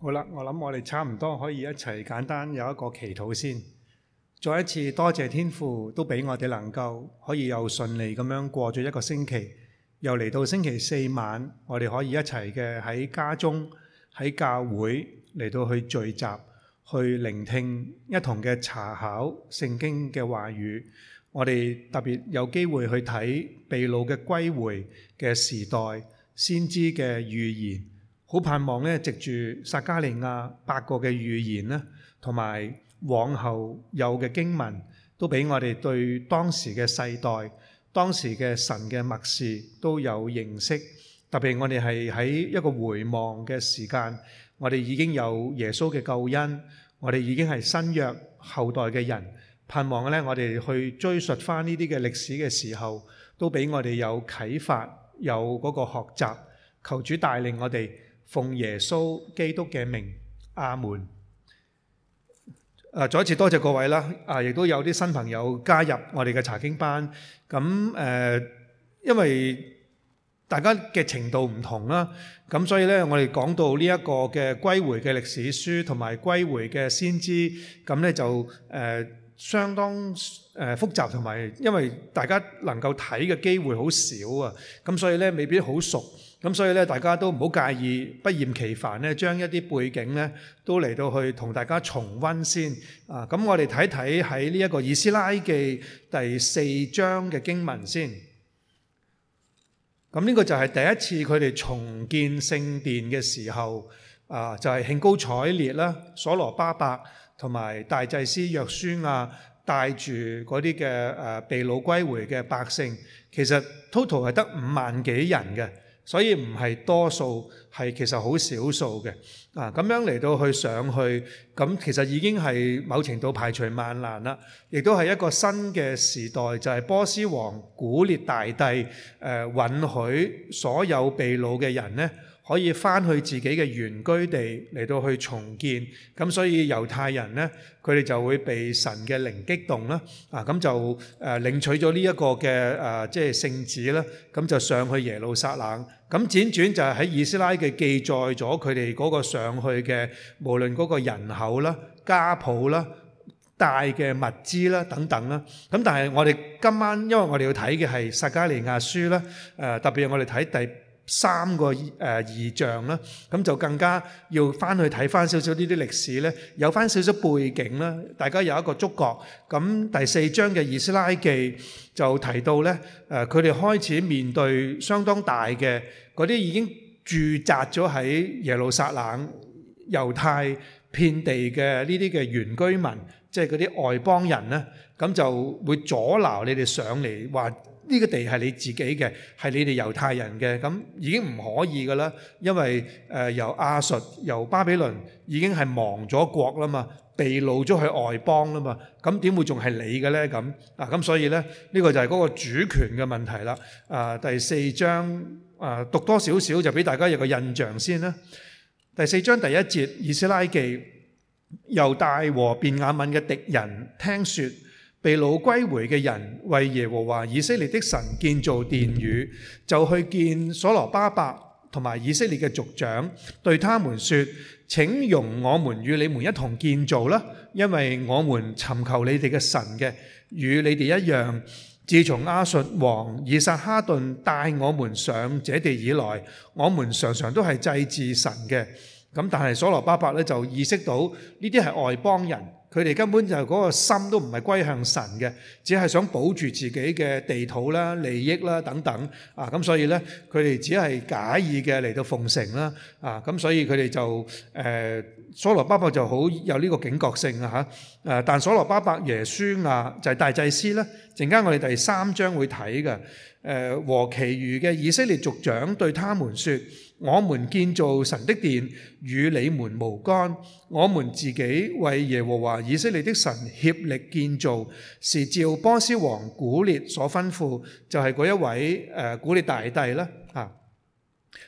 好啦，我諗我哋差唔多可以一齊簡單有一個祈禱先。再一次多謝天父，都俾我哋能夠可以又順利咁樣過咗一個星期，又嚟到星期四晚，我哋可以一齊嘅喺家中喺教會嚟到去聚集，去聆聽一同嘅查考聖經嘅話語。我哋特別有機會去睇被擄嘅歸回嘅時代先知嘅預言。好盼望咧，藉住撒迦利亞八個嘅預言咧，同埋往後有嘅經文，都俾我哋對當時嘅世代、當時嘅神嘅默示都有認識。特別我哋係喺一個回望嘅時間，我哋已經有耶穌嘅救恩，我哋已經係新約後代嘅人。盼望咧，我哋去追述翻呢啲嘅歷史嘅時候，都俾我哋有啟發，有嗰個學習。求主帶領我哋。奉耶穌基督嘅名，阿門。誒，再一次多謝各位啦。啊，亦都有啲新朋友加入我哋嘅查經班。咁誒，因為大家嘅程度唔同啦，咁所以咧，我哋講到呢一個嘅歸回嘅歷史書同埋歸回嘅先知，咁咧就誒相當誒複雜同埋，因為大家能夠睇嘅機會好少啊，咁所以咧，未必好熟。咁所以咧，大家都唔好介意，不厭其煩咧，將一啲背景咧都嚟到去同大家重溫先啊！咁我哋睇睇喺呢一個以斯拉記第四章嘅經文先。咁、啊、呢、這個就係第一次佢哋重建聖殿嘅時候啊，就係、是、興高采烈啦！所羅巴伯同埋大祭司約書亞帶住嗰啲嘅誒被擄歸回嘅百姓，其實 total 係得五萬幾人嘅。所以唔係多數，係其實好少數嘅啊！咁樣嚟到去上去，咁、嗯、其實已經係某程度排除萬難啦。亦都係一個新嘅時代，就係、是、波斯王古列大帝誒、呃、允許所有被擄嘅人呢可以翻去自己嘅原居地嚟到去重建，咁所以猶太人咧佢哋就會被神嘅靈激動啦，啊咁就誒領取咗呢一個嘅誒即係聖旨啦，咁就上去耶路撒冷，咁輾轉就喺以斯拉嘅記載咗佢哋嗰個上去嘅無論嗰個人口啦、家譜啦、帶嘅物資啦等等啦，咁但係我哋今晚因為我哋要睇嘅係撒迦利亞書啦，誒特別係我哋睇第。三個誒異象啦，咁就更加要翻去睇翻少少呢啲歷史咧，有翻少少背景啦，大家有一個觸覺。咁第四章嘅《以斯拉記》就提到咧，誒佢哋開始面對相當大嘅嗰啲已經駐紮咗喺耶路撒冷猶太遍地嘅呢啲嘅原居民，即係嗰啲外邦人咧，咁就會阻撓你哋上嚟話。呢、這個地係你自己嘅，係你哋猶太人嘅，咁已經唔可以㗎啦。因為誒、呃、由亞述、由巴比倫已經係亡咗國啦嘛，被擄咗去外邦啦嘛，咁點會仲係你嘅呢？咁啊咁、啊啊、所以呢，呢、這個就係嗰個主權嘅問題啦。啊第四章啊讀多少少就俾大家有個印象先啦。第四章第一節，以斯拉記，猶大和便雅憫嘅敵人聽說。被擄歸回嘅人為耶和華以色列的神建造殿宇，就去見所羅巴伯同埋以色列嘅族長，對他們說：請容我們與你們一同建造啦，因為我們尋求你哋嘅神嘅，與你哋一樣。自從亞述王以撒哈頓帶我們上這地以來，我們常常都係祭祀神嘅。咁但係所羅巴伯咧就意識到呢啲係外邦人，佢哋根本就嗰個心都唔係歸向神嘅，只係想保住自己嘅地土啦、利益啦等等。啊，咁所以咧佢哋只係假意嘅嚟到奉承啦。啊，咁所以佢哋就誒、呃、所羅巴伯，伯就好有呢個警覺性啊嚇。誒，但所羅巴伯，伯耶書亞、啊、就係、是、大祭司啦。陣間我哋第三章會睇嘅。誒、啊，和其餘嘅以色列族長對他們說我們建造神的殿與你們無干，我們自己為耶和華以色列的神協力建造，是照波斯王古列所吩咐，就係、是、嗰一位誒古列大帝啦。吓、啊，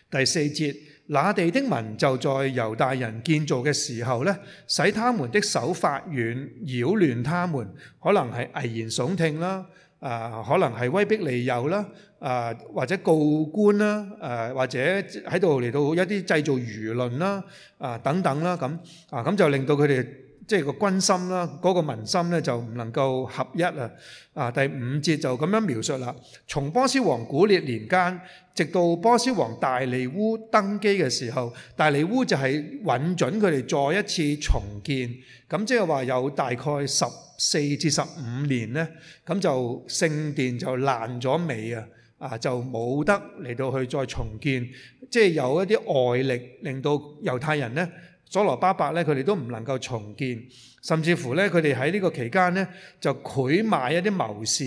第四節那地的民就在猶大人建造嘅時候呢，使他們的手發軟，擾亂他們，可能係危言聳聽啦，啊，可能係威逼利誘啦。誒或者告官啦，誒或者喺度嚟到一啲製造輿論啦，啊等等啦咁，啊咁就令到佢哋即係個軍心啦，嗰個民心咧就唔能夠合一啦，啊第五節就咁樣描述啦，從波斯王古列年間，直到波斯王大利烏登基嘅時候，大利烏就係允准佢哋再一次重建，咁即係話有大概十四至十五年呢，咁就聖殿就爛咗尾啊！啊，就冇得嚟到去再重建，即係有一啲外力令到猶太人咧，所羅巴伯咧，佢哋都唔能夠重建，甚至乎咧，佢哋喺呢個期間咧，就賄買一啲謀士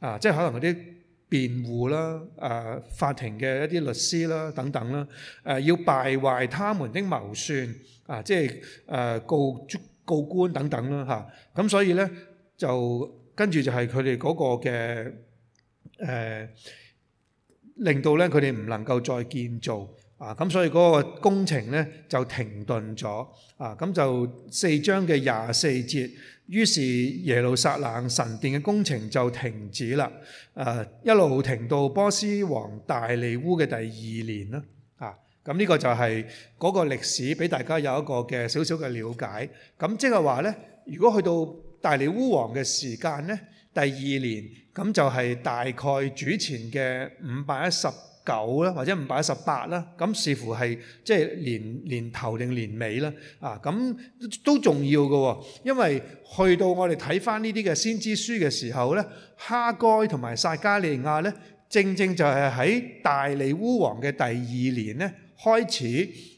啊，即係可能嗰啲辯護啦、啊法庭嘅一啲律師啦、啊、等等啦、啊，要敗壞他們啲謀算啊，即係誒、啊、告告官等等啦咁、啊、所以咧，就跟住就係佢哋嗰個嘅誒。啊令到咧佢哋唔能夠再建造啊，咁所以嗰個工程咧就停頓咗啊，咁就四章嘅廿四節，於是耶路撒冷神殿嘅工程就停止啦。誒，一路停到波斯王大利烏嘅第二年啦。啊，咁呢個就係嗰個歷史俾大家有一個嘅少少嘅了解。咁即係話咧，如果去到大利烏王嘅時間咧，第二年。咁就係大概主前嘅五百一十九啦，或者五百一十八啦。咁視乎係即係年年頭定年尾啦。啊，咁都重要嘅，因為去到我哋睇翻呢啲嘅先知書嘅時候呢，哈該同埋撒迦利亞呢，正正就係喺大利烏王嘅第二年呢開始。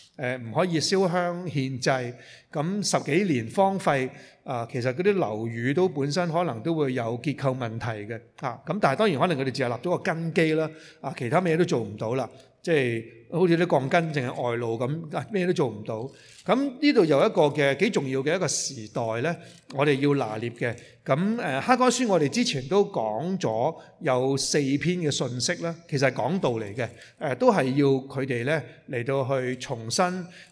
誒、呃、唔可以燒香獻祭，咁十幾年荒廢，啊、呃，其實嗰啲樓宇都本身可能都會有結構問題嘅，咁、啊、但係當然可能佢哋只係立咗個根基啦，啊，其他咩都做唔到啦，即係好似啲鋼筋淨係外露咁，咩都做唔到。咁呢度有一個嘅幾重要嘅一個時代咧，我哋要拿捏嘅。咁誒，哈該書我哋之前都講咗有四篇嘅信息啦，其實講道理嘅，誒都係要佢哋咧嚟到去重新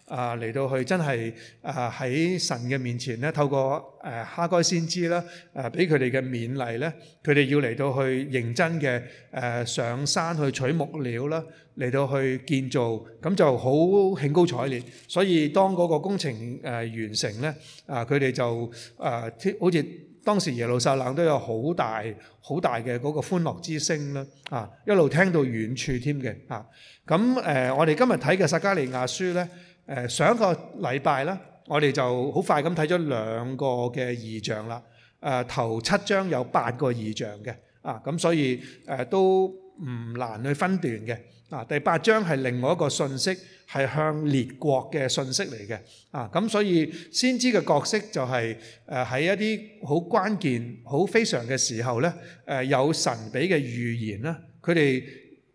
啊，嚟到去真係啊喺神嘅面前咧，透過誒哈該先知啦，誒俾佢哋嘅勉勵咧，佢哋要嚟到去認真嘅誒上山去取木料啦，嚟到去建。做咁就好興高采烈，所以當嗰個工程誒完成呢，啊佢哋就誒、呃、好似當時耶路撒冷都有好大好大嘅嗰個歡樂之聲啦，啊一路聽到遠處添嘅，啊咁誒、啊啊啊、我哋今日睇嘅撒迦利亞書呢，誒、啊、上一個禮拜啦，我哋就好快咁睇咗兩個嘅異象啦，誒、啊、頭七章有八個異象嘅，啊咁、啊、所以誒、啊、都唔難去分段嘅。啊，第八章係另外一個信息，係向列國嘅信息嚟嘅。啊，咁所以先知嘅角色就係誒喺一啲好關鍵、好非常嘅時候呢，誒、呃、有神俾嘅預言啦。佢哋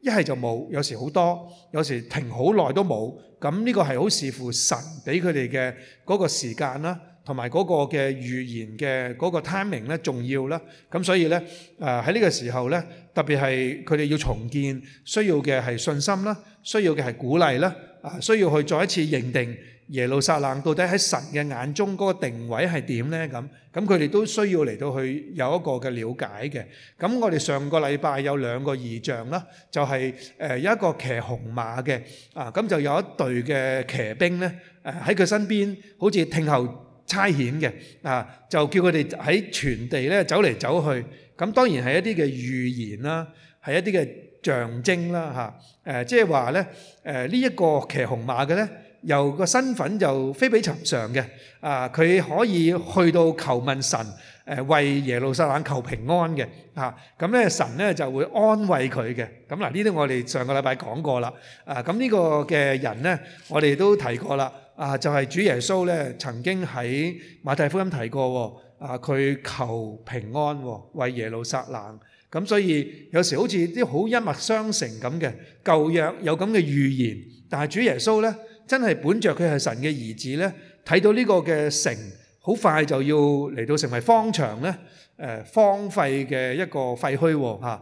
一係就冇，有時好多，有時停好耐都冇。咁呢個係好視乎神俾佢哋嘅嗰個時間啦。同埋嗰個嘅預言嘅嗰個 timing 咧重要啦，咁所以咧，誒喺呢個時候咧，特別係佢哋要重建，需要嘅係信心啦，需要嘅係鼓勵啦，啊，需要去再一次認定耶路撒冷到底喺神嘅眼中嗰個定位係點咧？咁咁佢哋都需要嚟到去有一個嘅了解嘅。咁我哋上個禮拜有兩個異象啦，就係誒有一個騎紅馬嘅，啊咁就有一隊嘅騎兵咧，誒喺佢身邊好似聽候。差遣嘅啊，就叫佢哋喺全地咧走嚟走去。咁當然係一啲嘅預言啦，係一啲嘅象徵啦嚇。誒，即係話咧，誒呢一個騎紅馬嘅咧，由個身份就非比尋常嘅啊，佢可以去到求問神，誒為耶路撒冷求平安嘅嚇。咁咧神咧就會安慰佢嘅。咁嗱，呢啲我哋上個禮拜講過啦。啊，咁呢個嘅人咧，我哋都提過啦。啊，就係、是、主耶穌咧，曾經喺馬太福音提過喎。啊，佢求平安，為耶路撒冷。咁所以有時候好似啲好一脈相承咁嘅舊約有咁嘅預言，但係主耶穌咧真係本着佢係神嘅兒子咧，睇到呢個嘅城好快就要嚟到成為荒場咧，誒荒廢嘅一個廢墟喎嚇。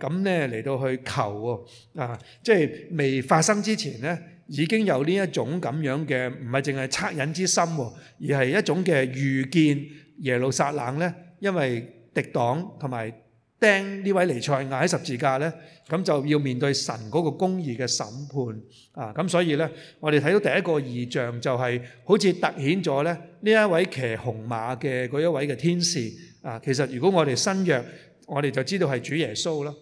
咁咧嚟到去求喎，啊，即係未發生之前咧。已經有呢一種咁樣嘅，唔係淨係惻隱之心喎，而係一種嘅預見耶路撒冷咧，因為敵黨同埋釘呢位彌賽亞喺十字架咧，咁就要面對神嗰個公義嘅審判啊！咁所以咧，我哋睇到第一個異象就係好似突顯咗咧，呢一位騎紅馬嘅嗰一位嘅天使啊，其實如果我哋新約，我哋就知道係主耶穌啦。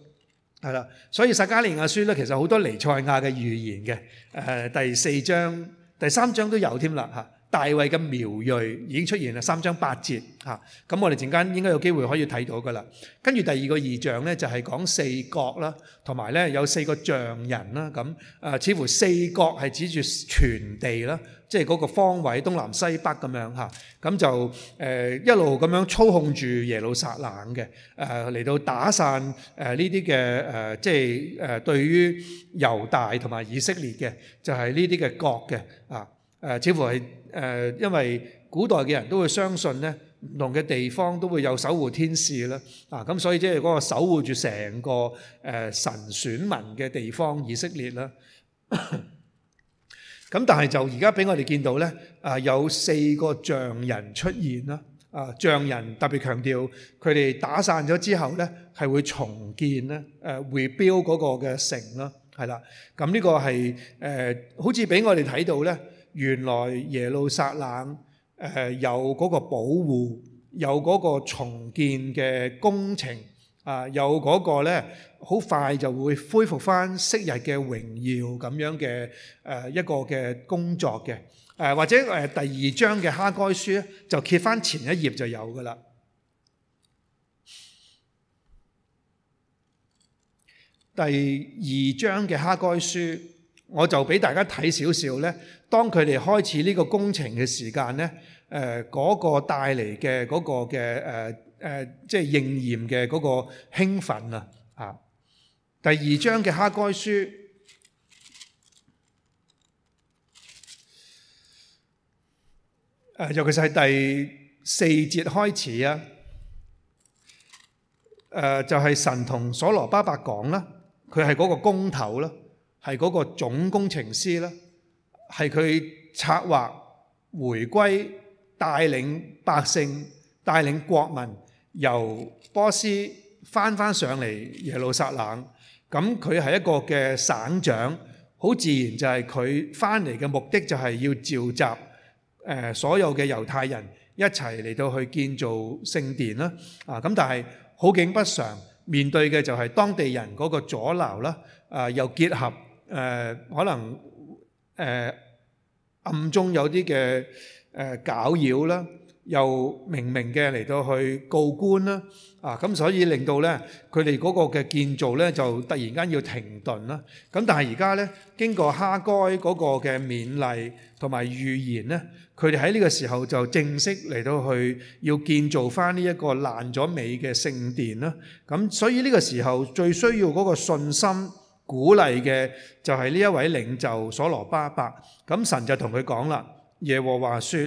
係啦，所以撒迦利亞書其實好多彌賽亞嘅預言嘅，呃，第四章、第三章都有添啦，嗯大衛嘅苗裔已經出現啦，三章八節。嚇、啊，咁我哋陣間應該有機會可以睇到噶啦。跟住第二個異象咧，就係、是、講四國啦，同埋咧有四個匠人啦，咁、啊、似乎四國係指住全地啦、啊，即係嗰個方位東南西北咁樣嚇，咁、啊、就、啊、一路咁樣操控住耶路撒冷嘅嚟、啊、到打散呢啲嘅即係誒、啊、對於猶大同埋以色列嘅就係呢啲嘅國嘅啊。誒似乎係誒，因為古代嘅人都會相信咧，唔同嘅地方都會有守護天使啦。啊，咁所以即係嗰個守護住成個誒神選民嘅地方以色列啦。咁但係就而家俾我哋見到咧，啊有四個匠人出現啦。啊，匠人特別強調佢哋打散咗之後咧，係會重建咧，誒 rebuild 嗰個嘅城啦，係啦。咁呢個係誒，好似俾我哋睇到咧。原來耶路撒冷誒、呃、有嗰個保護，有嗰個重建嘅工程啊、呃，有嗰個咧，好快就會恢復翻昔日嘅榮耀咁樣嘅誒、呃、一個嘅工作嘅誒、呃，或者第二章嘅哈該書就揭翻前一頁就有噶啦。第二章嘅哈該書，我就俾大家睇少少咧。當佢哋開始呢個工程嘅時間咧，誒嗰個帶嚟嘅嗰個嘅誒誒，即係應驗嘅嗰個興奮啊！啊，第二章嘅哈該書，誒尤其是第四節開始啊，誒就係神同所羅巴伯講啦，佢係嗰個工頭啦，係嗰個總工程師啦。係佢策劃、回歸、帶領百姓、帶領國民由波斯翻翻上嚟耶路撒冷。咁佢係一個嘅省長，好自然就係佢翻嚟嘅目的就係要召集誒所有嘅猶太人一齊嚟到去建造聖殿啦。啊，咁但係好景不常，面對嘅就係當地人嗰個阻撓啦。啊，又結合誒，可能誒。暗中有啲嘅誒攪擾啦，又明明嘅嚟到去告官啦，啊，咁所以令到咧佢哋嗰個嘅建造咧就突然間要停頓啦。咁但係而家咧經過哈該嗰個嘅勉勵同埋預言咧，佢哋喺呢個時候就正式嚟到去要建造返呢一個爛咗尾嘅聖殿啦。咁所以呢個時候最需要嗰個信心。鼓勵嘅就係呢一位領袖所羅巴伯，咁神就同佢講啦，耶和華說：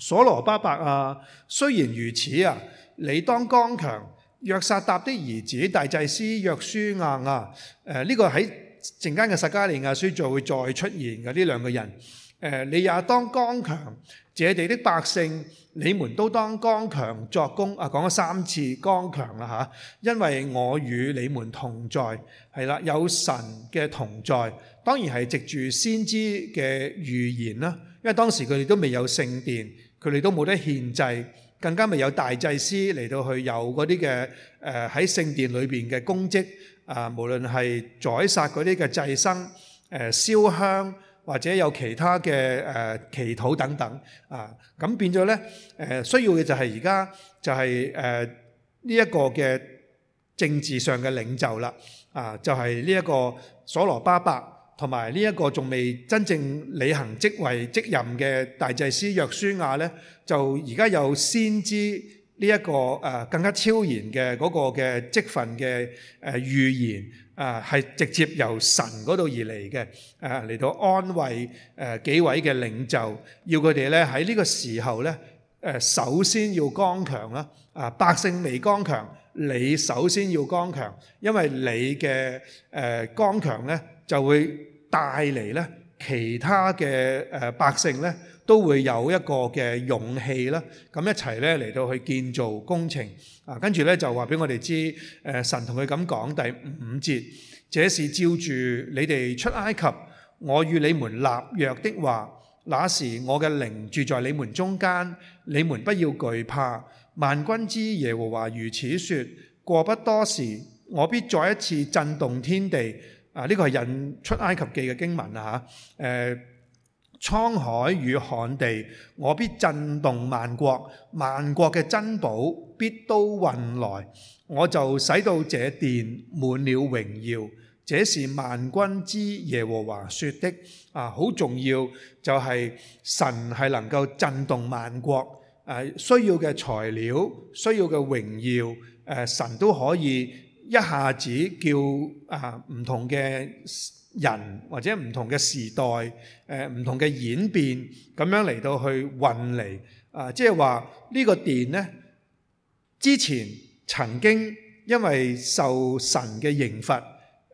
所羅巴伯啊，雖然如此啊，你當剛強。約薩答的兒子大祭司約書亞啊，誒、呃、呢、這個喺陣間嘅撒迦利亞書就會再出現嘅呢兩個人。誒，你也當剛強，這地的百姓，你們都當剛強作工。啊，講咗三次剛強啦嚇，因為我與你們同在，係啦，有神嘅同在，當然係藉住先知嘅預言啦。因為當時佢哋都未有聖殿，佢哋都冇得獻祭，更加未有大祭司嚟到去有嗰啲嘅誒喺聖殿裏邊嘅功績。啊，無論係宰殺嗰啲嘅祭牲，誒、燒香。或者有其他嘅誒、呃、祈禱等等啊，咁變咗呢、呃，需要嘅就係而家就係誒呢一個嘅政治上嘅領袖啦，啊，就係呢一個所羅巴伯同埋呢一個仲未真正履行職位職任嘅大祭司約書亞呢，就而家有先知，呢、這、一個誒更加超然嘅嗰個嘅職分嘅誒預言啊，係直接由神嗰度而嚟嘅誒，嚟到安慰誒幾位嘅領袖，要佢哋咧喺呢個時候咧誒，首先要剛強啦！啊，百姓未剛強，你首先要剛強，因為你嘅誒剛強咧就會帶嚟咧其他嘅誒百姓咧。都會有一個嘅勇氣啦，咁一齊咧嚟到去建造工程啊，跟住咧就話俾我哋知，誒神同佢咁講第五節，這是照住你哋出埃及，我與你們立約的話，那時我嘅靈住在你們中間，你們不要懼怕。萬軍之耶和華如此說：過不多時，我必再一次震動天地。啊，呢個係引出埃及記嘅經文啊吓，呃滄海與旱地，我必震動萬國，萬國嘅珍寶必都運來，我就使到這殿滿了榮耀。這是萬軍之耶和華說的，啊，好重要，就係神係能夠震動萬國，誒、啊，需要嘅材料、需要嘅榮耀，誒、啊，神都可以一下子叫啊唔同嘅。人或者唔同嘅時代，誒唔同嘅演變，咁樣嚟到去運嚟啊！即係話呢個殿咧，之前曾經因為受神嘅刑罰，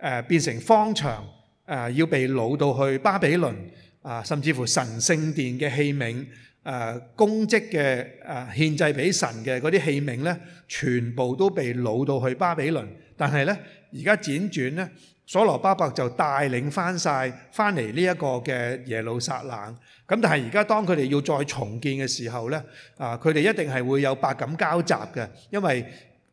誒變成方牆，誒要被擄到去巴比倫啊，甚至乎神聖殿嘅器皿，誒公職嘅誒獻祭俾神嘅嗰啲器皿咧，全部都被擄到去巴比倫。但係咧，而家輾轉咧。所羅巴伯，伯就帶領翻晒翻嚟呢一個嘅耶路撒冷，咁但係而家當佢哋要再重建嘅時候呢，啊佢哋一定係會有百感交集嘅，因為。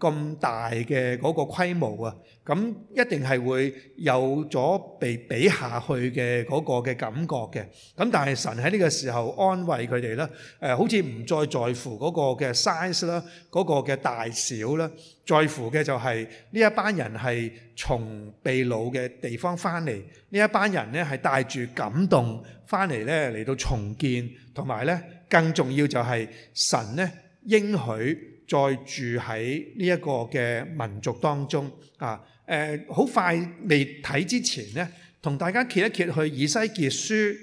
咁大嘅嗰個規模啊，咁一定係會有咗被比下去嘅嗰個嘅感覺嘅。咁但係神喺呢個時候安慰佢哋咧，誒，好似唔再在乎嗰個嘅 size 啦，嗰個嘅大小啦，在乎嘅就係呢一班人係從被擄嘅地方翻嚟，呢一班人咧係帶住感動翻嚟咧嚟到重建，同埋咧更重要就係神咧應許。再住喺呢一個嘅民族當中啊，誒、呃、好快未睇之前呢同大家揭一揭去以西結書誒、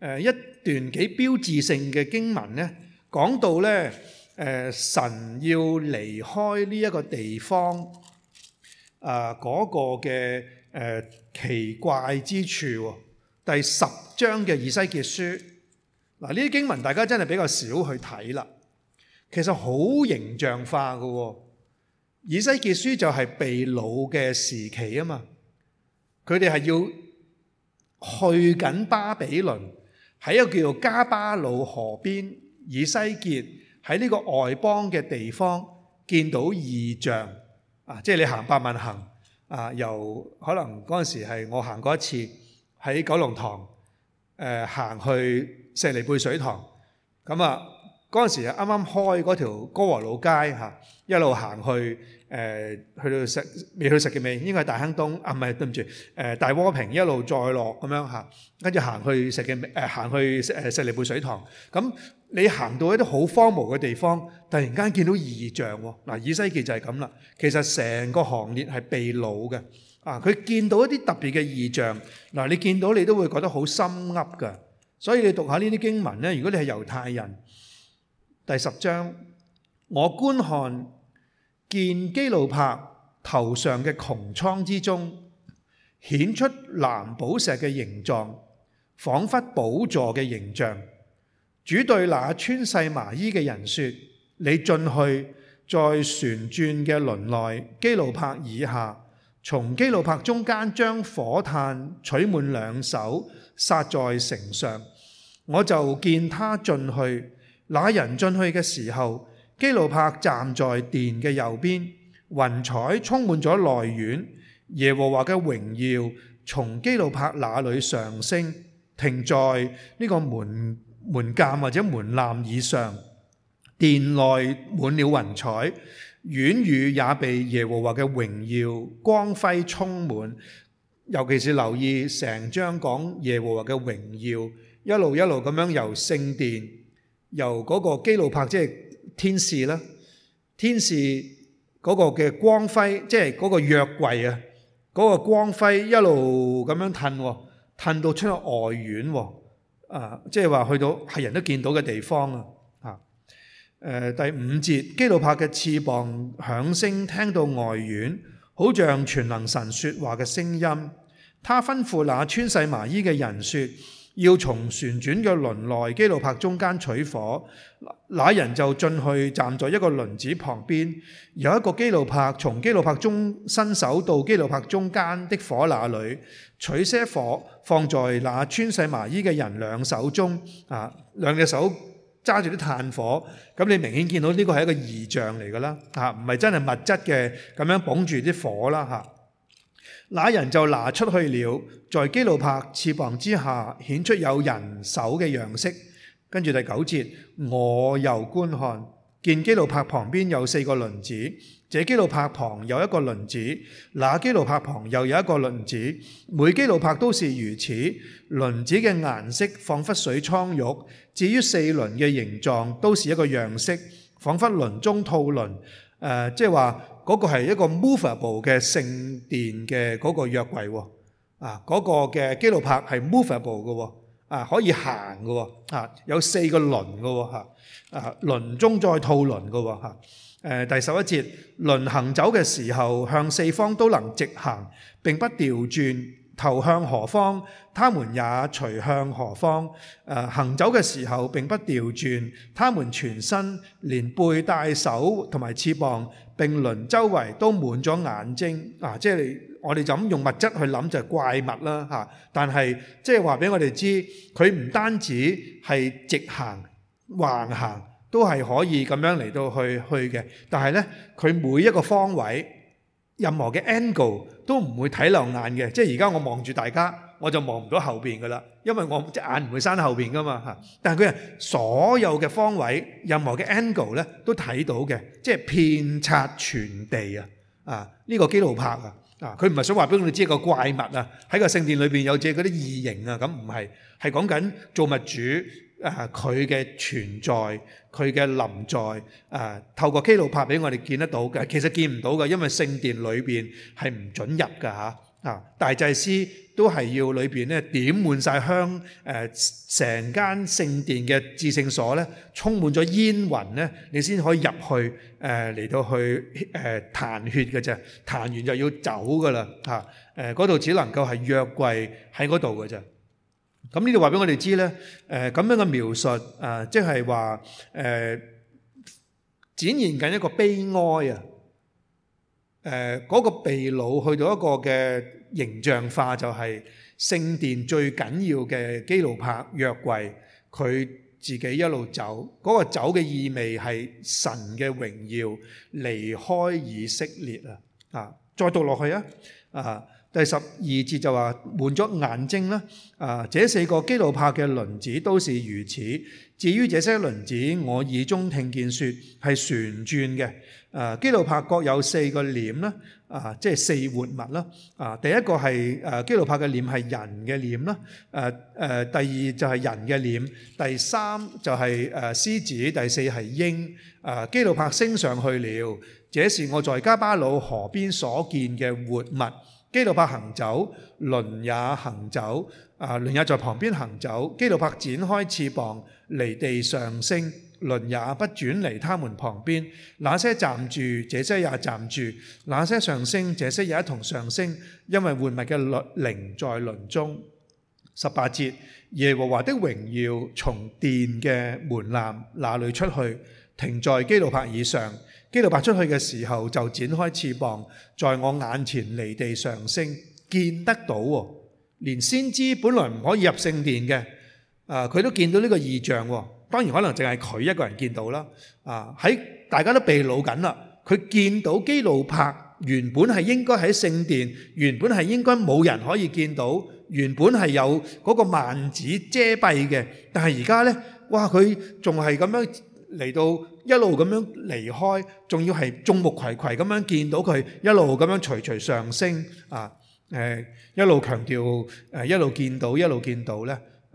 呃、一段幾標誌性嘅經文呢講到呢誒、呃、神要離開呢一個地方啊嗰、呃那個嘅誒、呃、奇怪之處、哦、第十章嘅以西結書嗱呢啲經文大家真係比較少去睇啦。其實好形象化㗎喎，以西結書就係被擄嘅時期啊嘛，佢哋係要去緊巴比倫，喺一個叫做加巴魯河邊，以西結喺呢個外邦嘅地方見到異象啊，即係你行百萬行啊、呃，由可能嗰陣時係我行過一次喺九龍塘、呃、行去石梨貝水塘，咁啊。嗰陣時啱啱開嗰條歌和老街一路行去誒、呃，去到食未到食、啊、去石硤尾，應該係大坑東啊，唔係對唔住誒，大窩坪一路再落咁樣行，跟住行去石硤尾行去食石梨貝水塘。咁你行到一啲好荒蕪嘅地方，突然間見到異象喎嗱、啊，以西結就係咁啦。其實成個行列係被擄嘅啊，佢見到一啲特別嘅異象嗱、啊，你見到你都會覺得好心噏噶。所以你讀下呢啲經文咧，如果你係猶太人。.第十章，我觀看，見基路伯頭上嘅穹蒼之中，顯出藍寶石嘅形狀，仿佛寶座嘅形象。主對那穿細麻衣嘅人說：你進去，在旋轉嘅輪內，基路伯以下，從基路伯中間將火炭取滿兩手，撒在城上。我就見他進去。那人進去嘅時候，基路伯站在殿嘅右邊，雲彩充滿咗內院。耶和華嘅榮耀從基路伯那裏上升，停在呢個門門檻或者門檻以上。殿內滿了雲彩，院宇也被耶和華嘅榮耀光輝充滿。尤其是留意成章講耶和華嘅榮耀，一路一路咁樣由聖殿。由嗰個基路伯，即係天使啦，天使嗰個嘅光輝，即係嗰個約櫃啊，嗰個光輝一路咁樣褪，褪到出去外院，啊，即係話去到係人都見到嘅地方啊。誒，第五節，基路伯嘅翅膀響聲聽到外院，好像全能神說話嘅聲音，他吩咐那穿細麻衣嘅人說。要從旋轉嘅輪內基路伯中間取火，那人就進去站在一個輪子旁邊，有一個基路伯從基路伯中伸手到基路伯中間的火那裏，取些火放在那穿細麻衣嘅人兩手中，啊，兩隻手揸住啲炭火，咁你明顯見到呢個係一個異象嚟㗎啦，嚇，唔係真係物質嘅咁樣綁住啲火啦。那人就拿出去了，在基路伯翅膀之下顯出有人手嘅樣式。跟住第九節，我又觀看見基路伯旁邊有四個輪子，這基路伯旁有一個輪子，那基路伯旁又有一個輪子，子，每基路伯都是如此。輪子嘅顏色彷彿水蒼玉，至於四輪嘅形狀都是一個樣式，彷彿輪中套輪，呃，即係話。嗰、那個係一個 moveable 嘅聖殿嘅嗰個約櫃喎，啊嗰個嘅基路伯係 moveable 嘅喎，啊可以行嘅喎、哦啊，有四個輪嘅喎，啊輪中再套輪嘅喎，第十一節輪行走嘅時候向四方都能直行，並不掉轉，頭向何方，他們也隨向何方，啊、行走嘅時候並不掉轉，他們全身連背帶手同埋翅膀。並輪周圍都滿咗眼睛，啊！即係我哋就咁用物質去諗就係怪物啦嚇、啊。但係即係話俾我哋知，佢唔單止係直行橫行，都係可以咁樣嚟到去去嘅。但係呢，佢每一個方位，任何嘅 angle 都唔會睇漏眼嘅。即係而家我望住大家。我就望唔到後邊噶啦，因為我隻眼唔會生喺後邊噶嘛嚇。但係佢所有嘅方位、任何嘅 angle 咧，都睇到嘅，即係遍察全地啊！啊，呢個基路伯啊，啊，佢唔係想話俾我哋知一個怪物啊，喺個聖殿裏邊有隻嗰啲異形啊，咁唔係，係講緊造物主啊佢嘅存在、佢嘅臨在啊，透過基路伯俾我哋見得到嘅，其實見唔到嘅，因為聖殿裏邊係唔准入嘅嚇。啊、大祭司都係要裏邊咧點滿晒香，誒、呃、成間聖殿嘅至聖所咧充滿咗煙雲咧，你先可以入去誒嚟、呃、到去誒彈、呃呃、血嘅啫，彈完就要走噶啦嚇！誒嗰度只能夠係約櫃喺嗰度嘅啫。咁呢度話俾我哋知咧，誒、呃、咁樣嘅描述啊，即係話誒展現緊一個悲哀啊！誒、呃、嗰、那個秘魯去到一個嘅形象化就係聖殿最緊要嘅基路伯約櫃，佢自己一路走，嗰、那個走嘅意味係神嘅榮耀離開以色列啊！啊，再讀落去啊！啊，第十二節就話滿咗眼睛啦、啊！啊，這四個基路伯嘅輪子都是如此。至於這些輪子，我耳中聽見說係旋轉嘅。誒，基路伯各有四個臉啦，啊，即係四活物啦，啊，第一個係誒，基路伯嘅臉係人嘅臉啦，誒誒，第二就係人嘅臉，第三就係誒，獅子，第四係鷹。誒，基路伯升上去了，這是我在加巴魯河邊所見嘅活物。基路伯行走，輪也行走，啊，輪也在旁邊行走。基路伯展開翅膀離地上升。輪也不轉離他們旁邊，那些站住，這些也站住；那些上升，這些也一同上升。因為活物嘅靈在輪中。十八節，耶和華的榮耀從殿嘅門檻那裏出去，停在基路伯以上。基路伯出去嘅時候，就展開翅膀，在我眼前離地上升，見得到、哦。連先知本來唔可以入聖殿嘅，佢、啊、都見到呢個異象、哦。當然可能淨係佢一個人見到啦，啊喺大家都被擄緊啦。佢見到基路柏原本係應該喺聖殿，原本係應該冇人可以見到，原本係有嗰個幔子遮蔽嘅。但係而家呢，哇！佢仲係咁樣嚟到一路咁樣離開，仲要係眾目睽睽咁樣見到佢一路咁樣徐徐上升啊！誒，一路強調誒，一路見到，一路見到呢。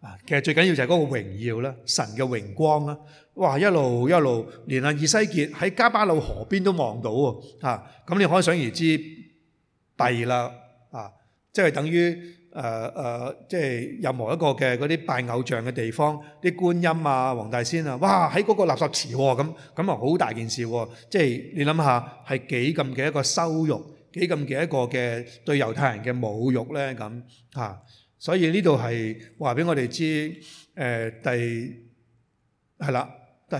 啊，其實最緊要就係嗰個榮耀啦，神嘅榮光啦。哇，一路一路，連以西結喺加巴魯河邊都望到喎。咁、啊、你可想而知，弊啦。啊，即、就、係、是、等於誒誒，即、呃、係、呃就是、任何一個嘅嗰啲拜偶像嘅地方，啲觀音啊、黃大仙啊，哇，喺嗰個垃圾池喎。咁咁啊，好大件事喎、啊。即、就、係、是、你諗下，係幾咁嘅一個羞辱，幾咁嘅一個嘅對猶太人嘅侮辱咧？咁、啊、嚇。所以呢度係話俾我哋知，誒、呃、第係啦，第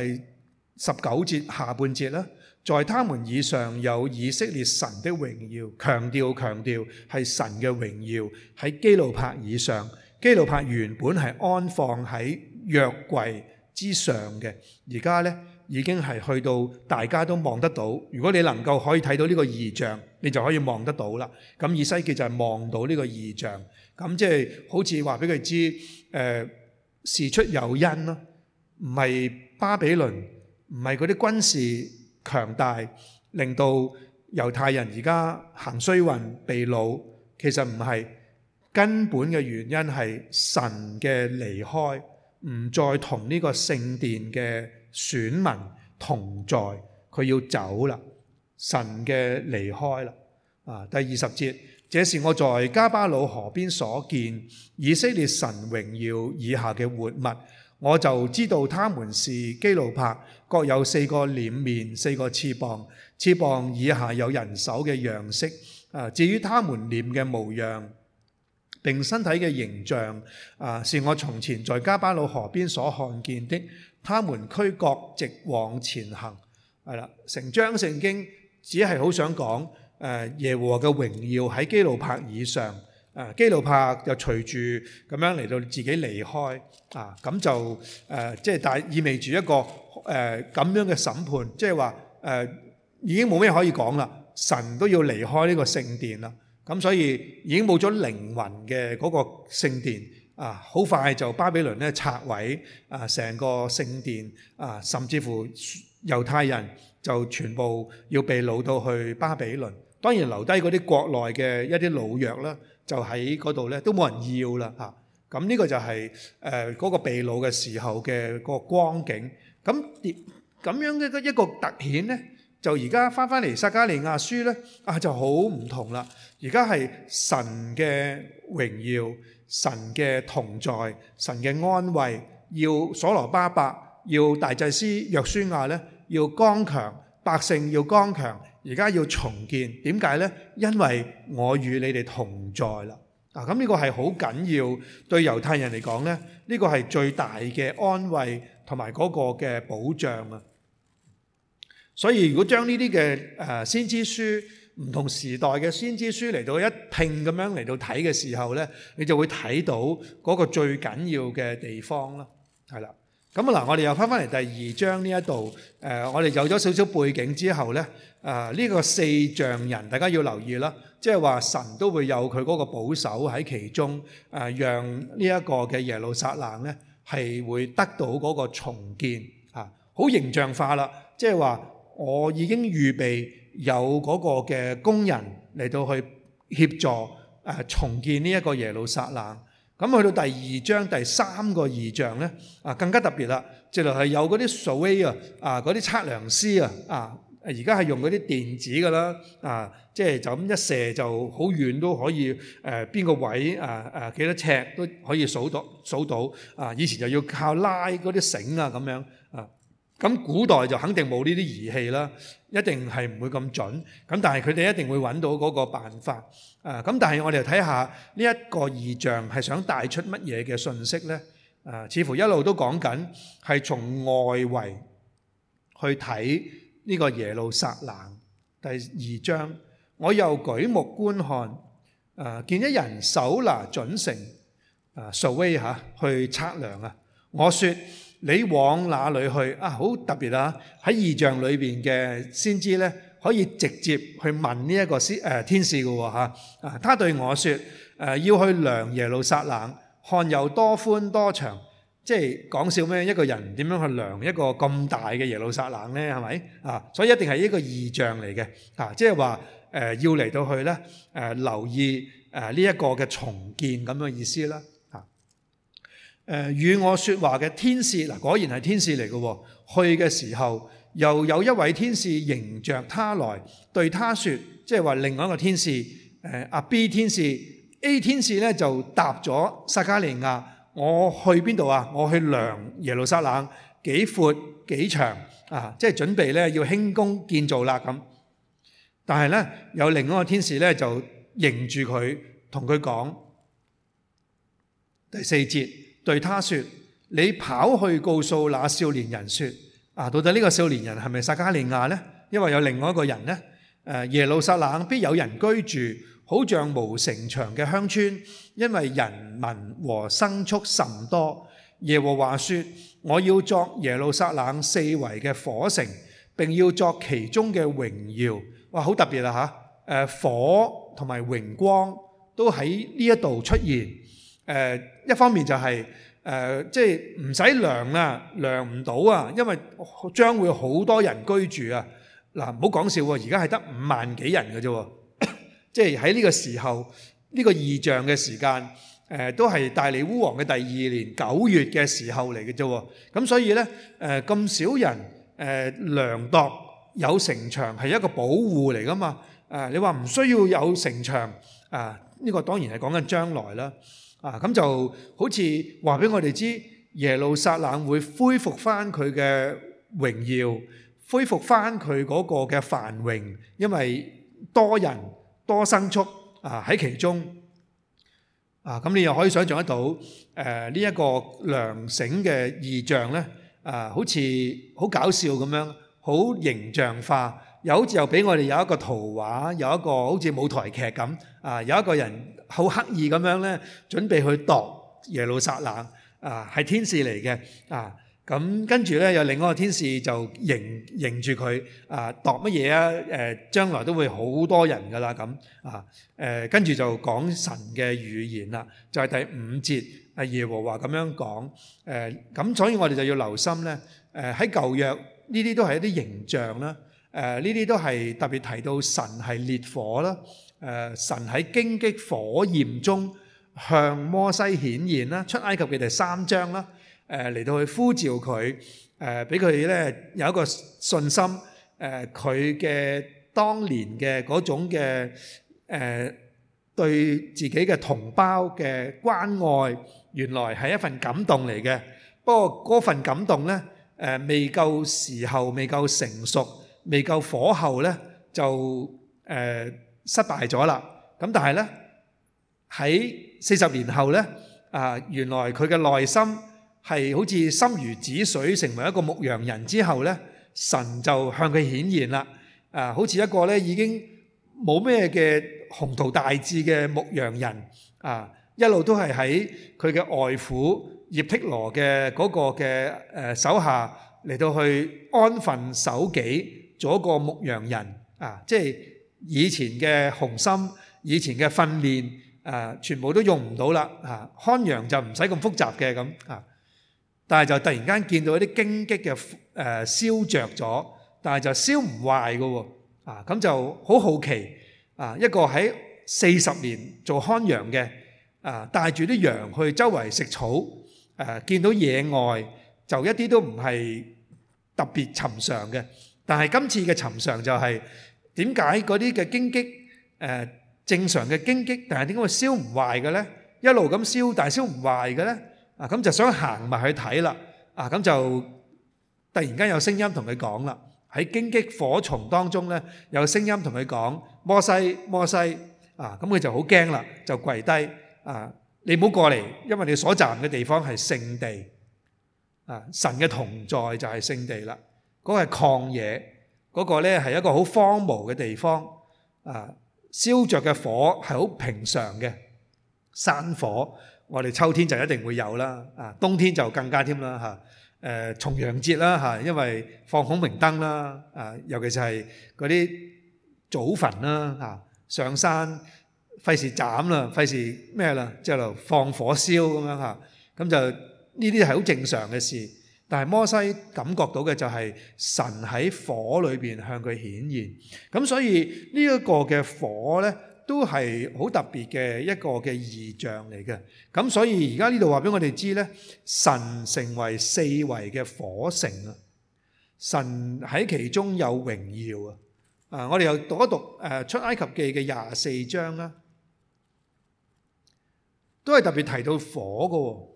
十九節下半節啦，在他們以上有以色列神的榮耀，強調強調係神嘅榮耀喺基路伯以上。基路伯原本係安放喺約櫃之上嘅，而家呢已經係去到大家都望得到。如果你能夠可以睇到呢個異象，你就可以望得到啦。咁以西結就係望到呢個異象。咁即係好似話俾佢知，誒、呃、事出有因咯，唔係巴比倫，唔係嗰啲軍事強大令到猶太人而家行衰運、被擄，其實唔係，根本嘅原因係神嘅離開，唔再同呢個聖殿嘅選民同在，佢要走啦，神嘅離開啦，啊，第二十節。這是我在加巴魯河邊所見以色列神榮耀以下嘅活物，我就知道他們是基路柏，各有四個臉面、四個翅膀，翅膀以下有人手嘅樣式。啊，至於他們臉嘅模樣並身體嘅形象，啊，是我從前在加巴魯河邊所看見的。他們俱各直往前行，係啦。成章聖經只係好想講。誒耶和華嘅榮耀喺基路伯以上，基路伯就隨住咁樣嚟到自己離開，啊咁就即係但意味住一個誒咁、呃、樣嘅審判，即係話、呃、已經冇咩可以講啦，神都要離開呢個聖殿啦，咁、啊、所以已經冇咗靈魂嘅嗰個聖殿，啊好快就巴比倫咧拆毀啊成個聖殿啊，甚至乎猶太人就全部要被擄到去巴比倫。當然留低嗰啲國內嘅一啲老藥啦，就喺嗰度咧都冇人要啦嚇。咁呢個就係誒嗰個被擄嘅時候嘅個光景。咁咁樣嘅一個特顯咧，就而家翻翻嚟撒迦利亞書咧啊就好唔同啦。而家係神嘅榮耀、神嘅同在、神嘅安慰。要所羅巴伯，要大祭司約書亞咧，要剛強百姓要剛強。而家要重建，點解呢？因為我與你哋同在啦。嗱、啊，咁、呢、呢個係好緊要，對猶太人嚟講呢，呢個係最大嘅安慰同埋嗰個嘅保障啊。所以如果將呢啲嘅誒先知書唔同時代嘅先知書嚟到一併咁樣嚟到睇嘅時候呢，你就會睇到嗰個最緊要嘅地方咯。係啦。咁嗱，我哋又翻翻嚟第二章呢一度，誒、呃，我哋有咗少少背景之後咧，啊、呃，呢、這個四匠人大家要留意啦，即係話神都會有佢嗰個保守喺其中，誒、呃，讓呢一個嘅耶路撒冷咧係會得到嗰個重建，啊，好形象化啦，即係話，我已經預備有嗰個嘅工人嚟到去協助誒、呃、重建呢一個耶路撒冷。咁去到第二章第三個異象咧，啊，更加特別啦，直頭係有嗰啲 survey 啊，啊嗰啲測量師啊，啊而家係用嗰啲電子噶啦，啊即係就咁、是、一射就好遠都可以，誒、邊個位啊，啊幾多尺都可以數到數到，啊以前就要靠拉嗰啲繩啊咁樣。咁古代就肯定冇呢啲儀器啦，一定係唔會咁準。咁但係佢哋一定會揾到嗰個辦法。啊，咁但係我哋又睇下呢一個異象係想帶出乜嘢嘅信息呢？啊，似乎一路都講緊係從外圍去睇呢個耶路撒冷第二章。我又舉目觀看，啊，見一人手拿準繩，啊，survey 吓去測量啊。我說。你往哪裏去啊？好特別啊！喺異象裏面嘅先知咧，可以直接去問呢、這、一個先、呃、天使嘅喎嚇啊！他對我說、呃、要去量耶路撒冷，看有多寬多長。即係講笑咩？一個人點樣去量一個咁大嘅耶路撒冷咧？係咪啊？所以一定係一個異象嚟嘅、啊、即係話、呃、要嚟到去咧、呃、留意呃、呢一個嘅重建咁嘅意思啦。誒、呃、與我說話嘅天使嗱，果然係天使嚟嘅喎。去嘅時候，又有一位天使迎着他來，對他說：即係話另外一個天使，誒、呃、阿 B 天使，A 天使咧就答咗撒迦利亞：我去邊度啊？我去量耶路撒冷幾闊幾長啊！即係準備咧要興工建造啦咁。但係咧，有另外一個天使咧就迎住佢，同佢講第四節。對他說：你跑去告訴那少年人說，啊，到底呢個少年人係咪撒迦利亞呢？因為有另外一個人呢，啊。耶路撒冷必有人居住，好像無城牆嘅鄉村，因為人民和牲畜甚多。耶和華說：我要作耶路撒冷四圍嘅火城，並要作其中嘅榮耀。哇！好特別啊，啊火同埋榮光都喺呢一度出現，啊一方面就係、是、誒，即係唔使量啊，量唔到啊，因為將會好多人居住啊。嗱、啊，唔好講笑喎，而家係得五萬幾人嘅啫。即係喺呢個時候，呢、這個異象嘅時間，誒、呃、都係大利烏王嘅第二年九月嘅時候嚟嘅啫。咁所以呢，誒、呃、咁少人誒、呃、量度有城牆係一個保護嚟噶嘛？誒、呃，你話唔需要有城牆啊？呢、呃這個當然係講緊將來啦。啊，咁就好似話俾我哋知耶路撒冷會恢復翻佢嘅榮耀，恢復翻佢嗰個嘅繁榮，因為多人多牲畜啊喺其中。啊，咁你又可以想象得到誒呢一個良醒嘅異象咧？啊，好似好搞笑咁樣，好形象化，又好似又俾我哋有一個圖畫，有一個好似舞台劇咁啊，有一個人。好刻意咁樣咧，準備去度耶路撒冷啊，係天使嚟嘅啊。咁跟住咧，有另一個天使就迎迎住佢啊，度乜嘢啊？誒，將來都會好多人噶啦咁啊。跟住就講神嘅語言啦，就係第五節，耶和華咁樣講誒。咁、啊啊、所以我哋就要留心咧。誒，喺舊約呢啲都係一啲形象啦。誒、啊，呢啲都係特別提到神係烈火啦。誒神喺荊棘火焰中向摩西顯現啦，出埃及嘅第三章啦，誒嚟到去呼召佢，誒俾佢咧有一個信心，誒佢嘅當年嘅嗰種嘅誒對自己嘅同胞嘅關愛，原來係一份感動嚟嘅。不過嗰份感動咧，誒未夠時候，未夠成熟，未夠火候咧，就誒。失敗咗啦，咁但係呢喺四十年後呢，啊原來佢嘅內心係好似心如止水，成為一個牧羊人之後呢，神就向佢顯現啦，啊好似一個呢已經冇咩嘅宏圖大志嘅牧羊人啊，一路都係喺佢嘅外父葉忒羅嘅嗰個嘅誒手下嚟到去安分守己做一個牧羊人啊，即係。以前嘅雄心，以前嘅訓練，誒，全部都用唔到啦。啊，看羊就唔使咁複雜嘅咁啊，但係就突然間見到一啲荊棘嘅誒燒著咗，但係就燒唔壞嘅喎。啊，咁就好好奇啊！一個喺四十年做看羊嘅，啊，帶住啲羊去周圍食草，誒，見到野外就一啲都唔係特別尋常嘅，但係今次嘅尋常就係。點解嗰啲嘅荊棘誒正常嘅荊棘，但係點解會燒唔壞嘅咧？一路咁燒，但係燒唔壞嘅咧？啊，咁就想行埋去睇啦。啊，咁就突然間有聲音同佢講啦，喺荊棘火叢當中咧，有聲音同佢講：摩西，摩西。啊，咁佢就好驚啦，就跪低。啊，你唔好過嚟，因為你所站嘅地方係聖地。啊，神嘅同在就係聖地啦。嗰個係曠野。嗰個咧係一個好荒蕪嘅地方，啊！燒著嘅火係好平常嘅，山火，我哋秋天就一定會有啦，啊！冬天就更加添啦嚇，誒重陽節啦嚇，因為放孔明燈啦，啊！尤其是係嗰啲祖墳啦嚇，上山費事斬啦，費事咩啦，之後放火燒咁樣嚇，咁就呢啲係好正常嘅事。但係摩西感覺到嘅就係神喺火裏邊向佢顯現，咁所以呢一個嘅火咧都係好特別嘅一個嘅異象嚟嘅。咁所以而家呢度話俾我哋知咧，神成為四圍嘅火城啊！神喺其中有榮耀啊！啊，我哋又讀一讀誒出埃及記嘅廿四章啦，都係特別提到火嘅喎。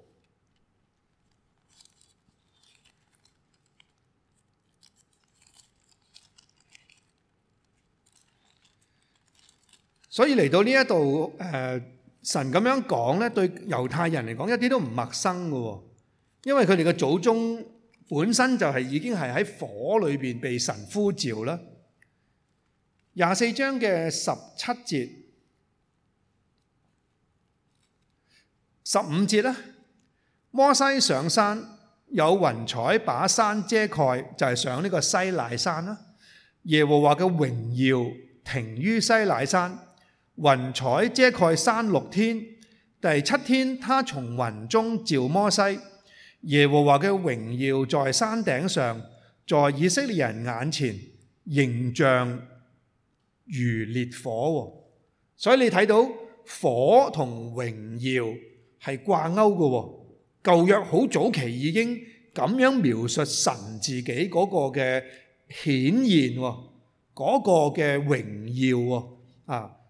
所以嚟到呢一度，誒神咁樣講咧，對猶太人嚟講一啲都唔陌生嘅喎，因為佢哋嘅祖宗本身就係已經係喺火裏面被神呼召啦。廿四章嘅十七節、十五節啦，摩西上山有雲彩把山遮蓋，就係上呢個西乃山啦。耶和華嘅榮耀停於西乃山。雲彩遮蓋山六天，第七天他從雲中照摩西，耶和華嘅榮耀在山頂上，在以色列人眼前，形象如烈火喎。所以你睇到火同榮耀係掛鈎嘅喎。舊約好早期已經咁樣描述神自己嗰個嘅顯現喎，嗰個嘅榮耀喎，啊！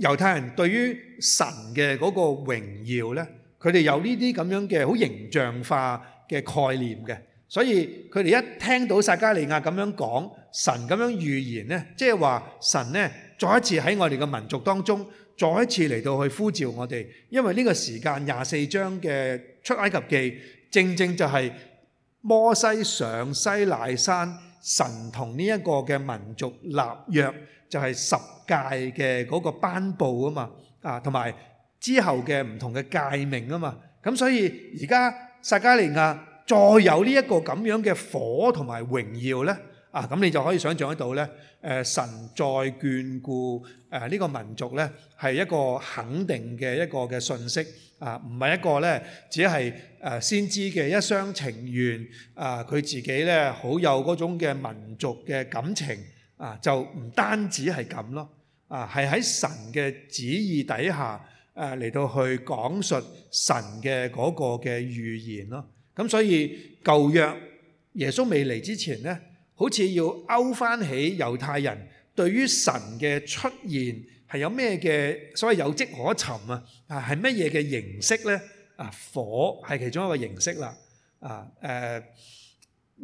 猶太人對於神嘅嗰個榮耀呢，佢哋有呢啲咁樣嘅好形象化嘅概念嘅，所以佢哋一聽到撒迦利亞咁樣講神咁樣預言呢，即係話神呢再一次喺我哋嘅民族當中，再一次嚟到去呼召我哋，因為呢個時間廿四章嘅出埃及記，正正就係摩西上西奈山，神同呢一個嘅民族立約。就係十誡嘅嗰個頒布啊嘛，啊同埋之後嘅唔同嘅誡命啊嘛，咁所以而家撒迦利亞再有呢一個咁樣嘅火同埋榮耀咧，啊咁你就可以想象得到咧，誒神再眷顧誒呢個民族咧，係一個肯定嘅一個嘅信息啊，唔係一個咧只係誒先知嘅一廂情願啊，佢自己咧好有嗰種嘅民族嘅感情。啊，就唔單止係咁咯，啊，係喺神嘅旨意底下，誒嚟到去講述神嘅嗰個嘅預言咯。咁所以舊約耶穌未嚟之前呢，好似要勾返起猶太人對於神嘅出現係有咩嘅，所謂有跡可尋啊，啊係乜嘢嘅形式呢？啊火係其中一個形式啦，啊誒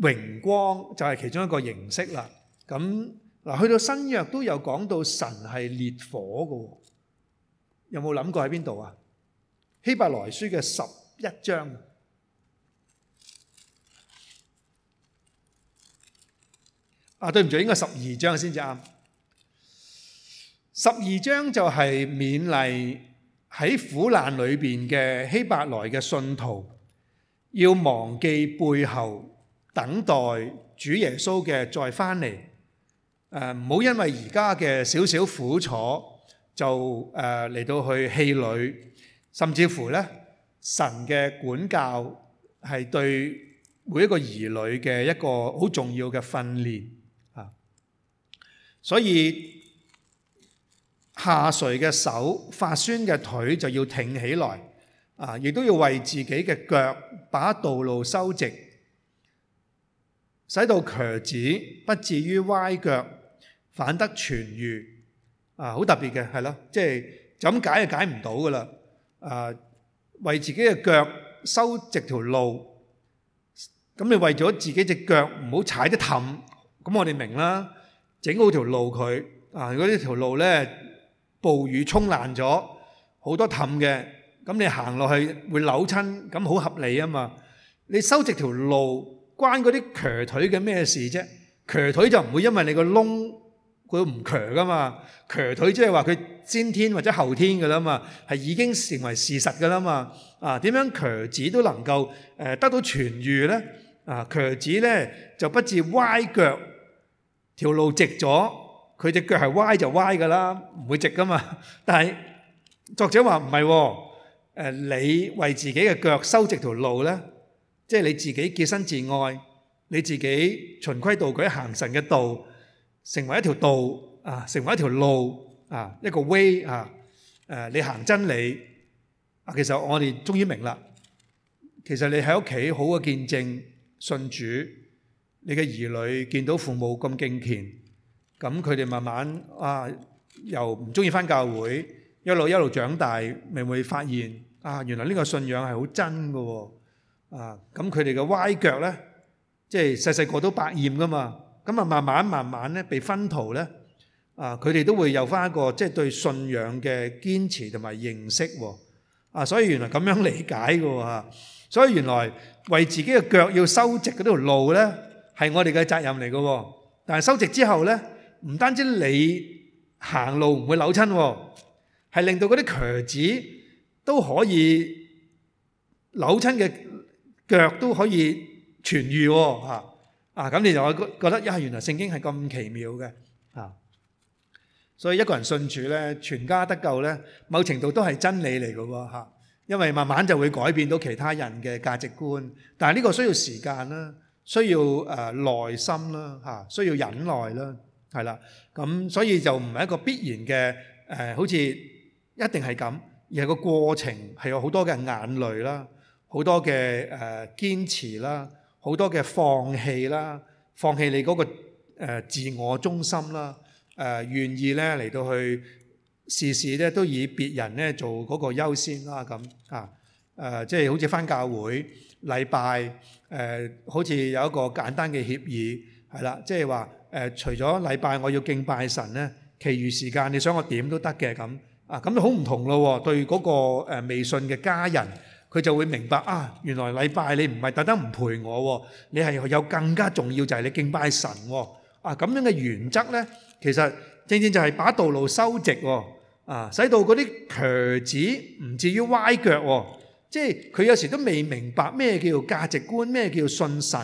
榮光就係其中一個形式啦。咁嗱，去到新約都有講到神係烈火喎，有冇諗過喺邊度啊？希伯來書嘅十一章，啊對唔住，應該十二章先至啱。十二章就係勉勵喺苦難裏邊嘅希伯來嘅信徒，要忘記背後，等待主耶穌嘅再翻嚟。誒，唔好因為而家嘅少少苦楚就誒嚟、呃、到去氣餒，甚至乎呢，神嘅管教係對每一個兒女嘅一個好重要嘅訓練啊！所以下垂嘅手、發酸嘅腿就要挺起來啊！亦都要為自己嘅腳把道路修直，使到瘸子不至於歪腳。反得痊愈，啊，好特別嘅，係咯，即係就咁解就解唔到噶啦。啊，為自己嘅腳修直條路，咁你為咗自己隻腳唔好踩得氹，咁我哋明啦。整好條路佢啊，如果呢條路咧，暴雨沖爛咗，好多氹嘅，咁你行落去會扭親，咁好合理啊嘛。你修直條路關嗰啲瘸腿嘅咩事啫？瘸腿就唔會因為你個窿。佢唔瘸噶嘛，瘸腿即係話佢先天或者後天噶啦嘛，係已經成為事實噶啦嘛。啊，點樣瘸子都能夠、呃、得到痊愈呢？啊，瘸子呢，就不至歪腳，條路直咗，佢隻腳係歪就歪噶啦，唔會直噶嘛。但係作者話唔係，喎、哦。你為自己嘅腳修直條路呢，即係你自己潔身自愛，你自己循規蹈矩行神嘅道。成為一條道啊，成為一條路啊，一個 way 啊，誒，你行真理啊，其實我哋終於明啦，其實你喺屋企好嘅見證信主，你嘅兒女見到父母咁敬虔，咁佢哋慢慢啊，又唔中意返教會，一路一路長大，咪會發現啊，原來呢個信仰係好真㗎喎，啊，咁佢哋嘅歪腳呢，即係細細個都百厭㗎嘛。咁啊，慢慢慢慢咧，被分徒被熏陶咧，啊，佢哋都會有翻一個即係對信仰嘅堅持同埋認識喎，啊，所以原來咁樣理解嘅喎嚇，所以原來為自己嘅腳要修直嗰條路咧，係我哋嘅責任嚟嘅喎。但係修直之後咧，唔單止你行路唔會扭親，係令到嗰啲瘸子都可以扭親嘅腳都可以痊癒喎嚇。啊！咁你就會覺得，呀，原來聖經係咁奇妙嘅，啊！所以一個人信主咧，全家得救咧，某程度都係真理嚟嘅喎，嚇！因為慢慢就會改變到其他人嘅價值觀。但係呢個需要時間啦，需要誒耐心啦，嚇，需要忍耐啦，係啦。咁所以就唔係一個必然嘅誒，好似一定係咁，而係個過程係有好多嘅眼淚啦，好多嘅誒堅持啦。好多嘅放棄啦，放棄你嗰個誒自我中心啦，誒願意咧嚟到去事事咧都以別人咧做嗰個優先啦，咁啊誒，即係好似返教會禮拜誒，好似有一個簡單嘅協議係啦，即係話誒，除咗禮拜我要敬拜神咧，其餘時間你想我點都得嘅咁啊，咁就好唔同咯，對嗰個誒未信嘅家人。佢就會明白啊！原來禮拜你唔係特登唔陪我喎，你係有更加重要就係你敬拜神喎。啊咁樣嘅原則咧，其實正正就係把道路修直喎，啊使到嗰啲瘸子唔至於歪腳喎、啊。即係佢有時都未明白咩叫做價值觀，咩叫做信神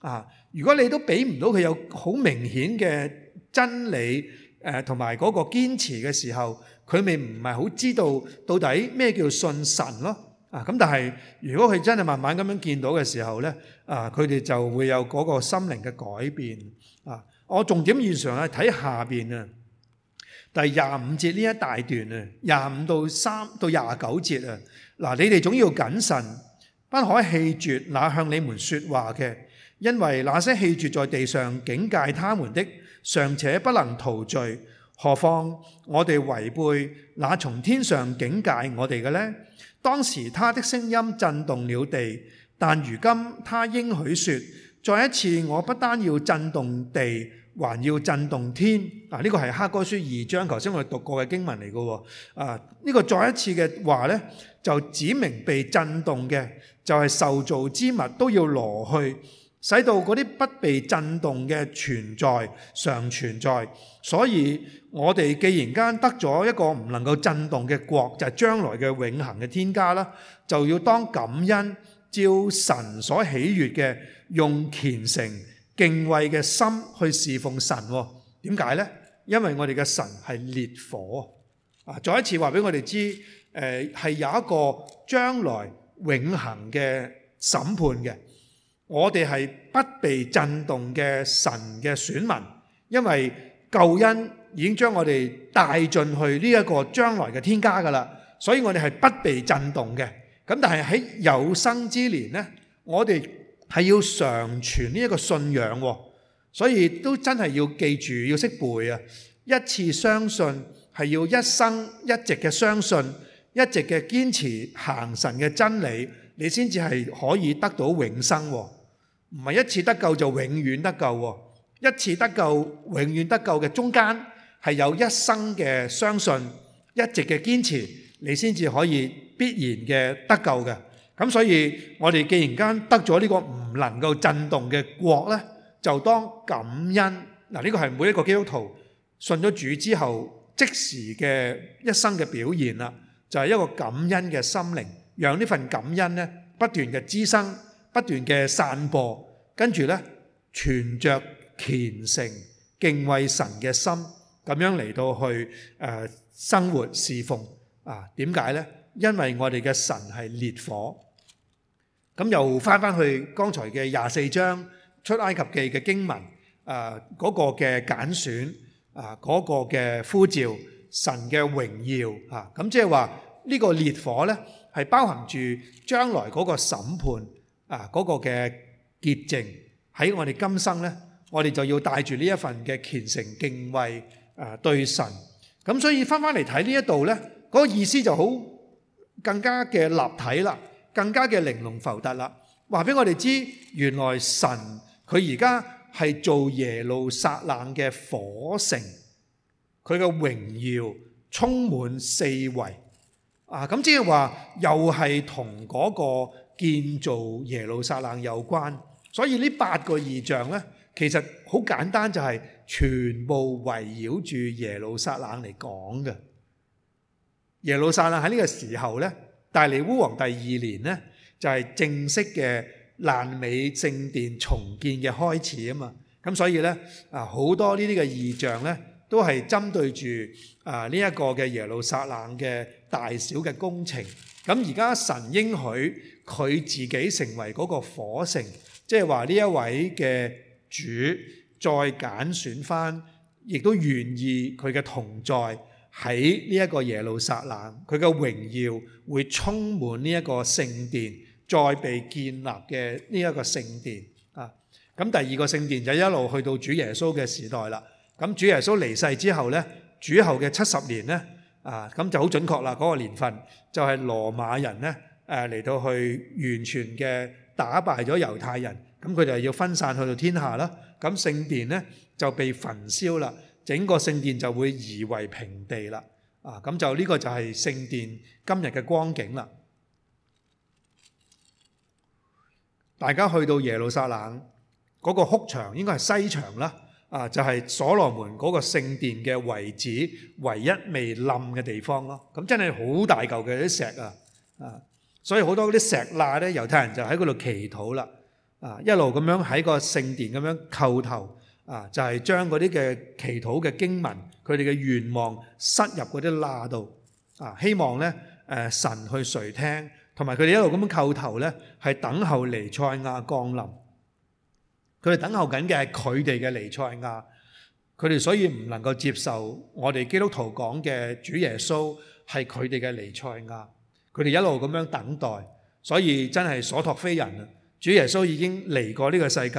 啊？如果你都俾唔到佢有好明顯嘅真理，誒同埋嗰個堅持嘅時候，佢咪唔係好知道到底咩叫做信神咯？啊！咁但係如果佢真係慢慢咁樣見到嘅時候呢，啊，佢哋就會有嗰個心靈嘅改變啊！我重點現常係，睇下面啊，第廿五節呢一大段到3，到啊，廿五到三到廿九節啊，嗱，你哋總要謹慎，不可棄絕那向你們說話嘅，因為那些棄絕在地上警戒他們的，尚且不能逃罪，何況我哋違背那從天上警戒我哋嘅呢。當時他的聲音震動了地，但如今他應許說：再一次，我不單要震動地，還要震動天。啊，呢、這個係《哈該書》二章，頭先我讀過嘅經文嚟嘅喎。啊，呢、這個再一次嘅話呢，就指明被震動嘅就係受造之物都要挪去。使到嗰啲不被震動嘅存在常存在，所以我哋既然間得咗一個唔能夠震動嘅國，就係將來嘅永恆嘅天家啦，就要當感恩，照神所喜悅嘅，用虔誠敬畏嘅心去侍奉神。點解呢？因為我哋嘅神係烈火啊！再一次話俾我哋知，誒係有一個將來永恆嘅審判嘅。我哋係不被震動嘅神嘅選民，因為救恩已經將我哋帶進去呢一個將來嘅天家噶啦，所以我哋係不被震動嘅。咁但係喺有生之年呢，我哋係要常存呢一個信仰，所以都真係要記住，要識背啊！一次相信係要一生一直嘅相信，一直嘅堅持行神嘅真理，你先至係可以得到永生。唔係一次得救就永遠得救喎，一次得救永遠得救嘅中間係有一生嘅相信，一直嘅堅持，你先至可以必然嘅得救嘅。咁所以我哋既然間得咗呢個唔能夠震動嘅國呢，就當感恩。嗱，呢個係每一個基督徒信咗主之後即時嘅一生嘅表現啦，就係一個感恩嘅心靈，讓呢份感恩呢不斷嘅滋生。不斷嘅散播，跟住呢，存着虔誠敬畏神嘅心，咁樣嚟到去誒、呃、生活侍奉啊，點解呢？因為我哋嘅神係烈火。咁、啊、又翻翻去剛才嘅廿四章出埃及記嘅經文，誒、啊、嗰、那個嘅揀選，誒、啊、嗰、那個嘅呼召，啊、神嘅榮耀嚇，咁即係話呢個烈火呢，係包含住將來嗰個審判。啊！嗰個嘅潔淨喺我哋今生呢，我哋就要帶住呢一份嘅虔誠敬畏啊，對神。咁所以翻翻嚟睇呢一度呢，嗰個意思就好更加嘅立體啦，更加嘅玲瓏浮突啦。話俾我哋知，原來神佢而家係做耶路撒冷嘅火城，佢嘅榮耀充滿四圍。啊！咁即係話又係同嗰個建造耶路撒冷有關，所以呢八個異象呢，其實好簡單，就係全部圍繞住耶路撒冷嚟講嘅。耶路撒冷喺呢個時候呢，大利烏王第二年呢，就係正式嘅爛尾聖殿重建嘅開始啊嘛。咁所以呢，啊，好多呢啲嘅異象呢，都係針對住啊，呢一個嘅耶路撒冷嘅大小嘅工程。咁而家神應許佢自己成為嗰個火城，即係話呢一位嘅主再揀選翻，亦都願意佢嘅同在喺呢一個耶路撒冷，佢嘅榮耀會充滿呢一個聖殿，再被建立嘅呢一個聖殿啊。咁第二個聖殿就一路去到主耶穌嘅時代啦。咁主耶穌離世之後呢，主後嘅七十年呢。啊，咁就好準確啦！嗰個年份就係羅馬人咧，誒嚟到去完全嘅打敗咗猶太人，咁佢哋就要分散去到天下啦。咁聖殿咧就被焚燒啦，整個聖殿就會夷為平地啦。啊，咁就呢個就係聖殿今日嘅光景啦。大家去到耶路撒冷，嗰個哭牆，應該係西牆啦。啊，就係、是、所羅門嗰個聖殿嘅位置，唯一未冧嘅地方咯。咁真係好大嚿嘅啲石啊！啊，所以好多嗰啲石罅咧，猶太人就喺嗰度祈禱啦。啊，一路咁樣喺個聖殿咁樣叩頭。啊，就係、是、將嗰啲嘅祈禱嘅經文，佢哋嘅願望塞入嗰啲罅度。啊，希望咧誒神去垂聽，同埋佢哋一路咁樣叩頭咧，係等候尼賽亞降臨。佢哋等候緊嘅係佢哋嘅彌賽亞，佢哋所以唔能夠接受我哋基督徒講嘅主耶穌係佢哋嘅彌賽亞，佢哋一路咁樣等待，所以真係所託非人啦。主耶穌已經嚟過呢個世界，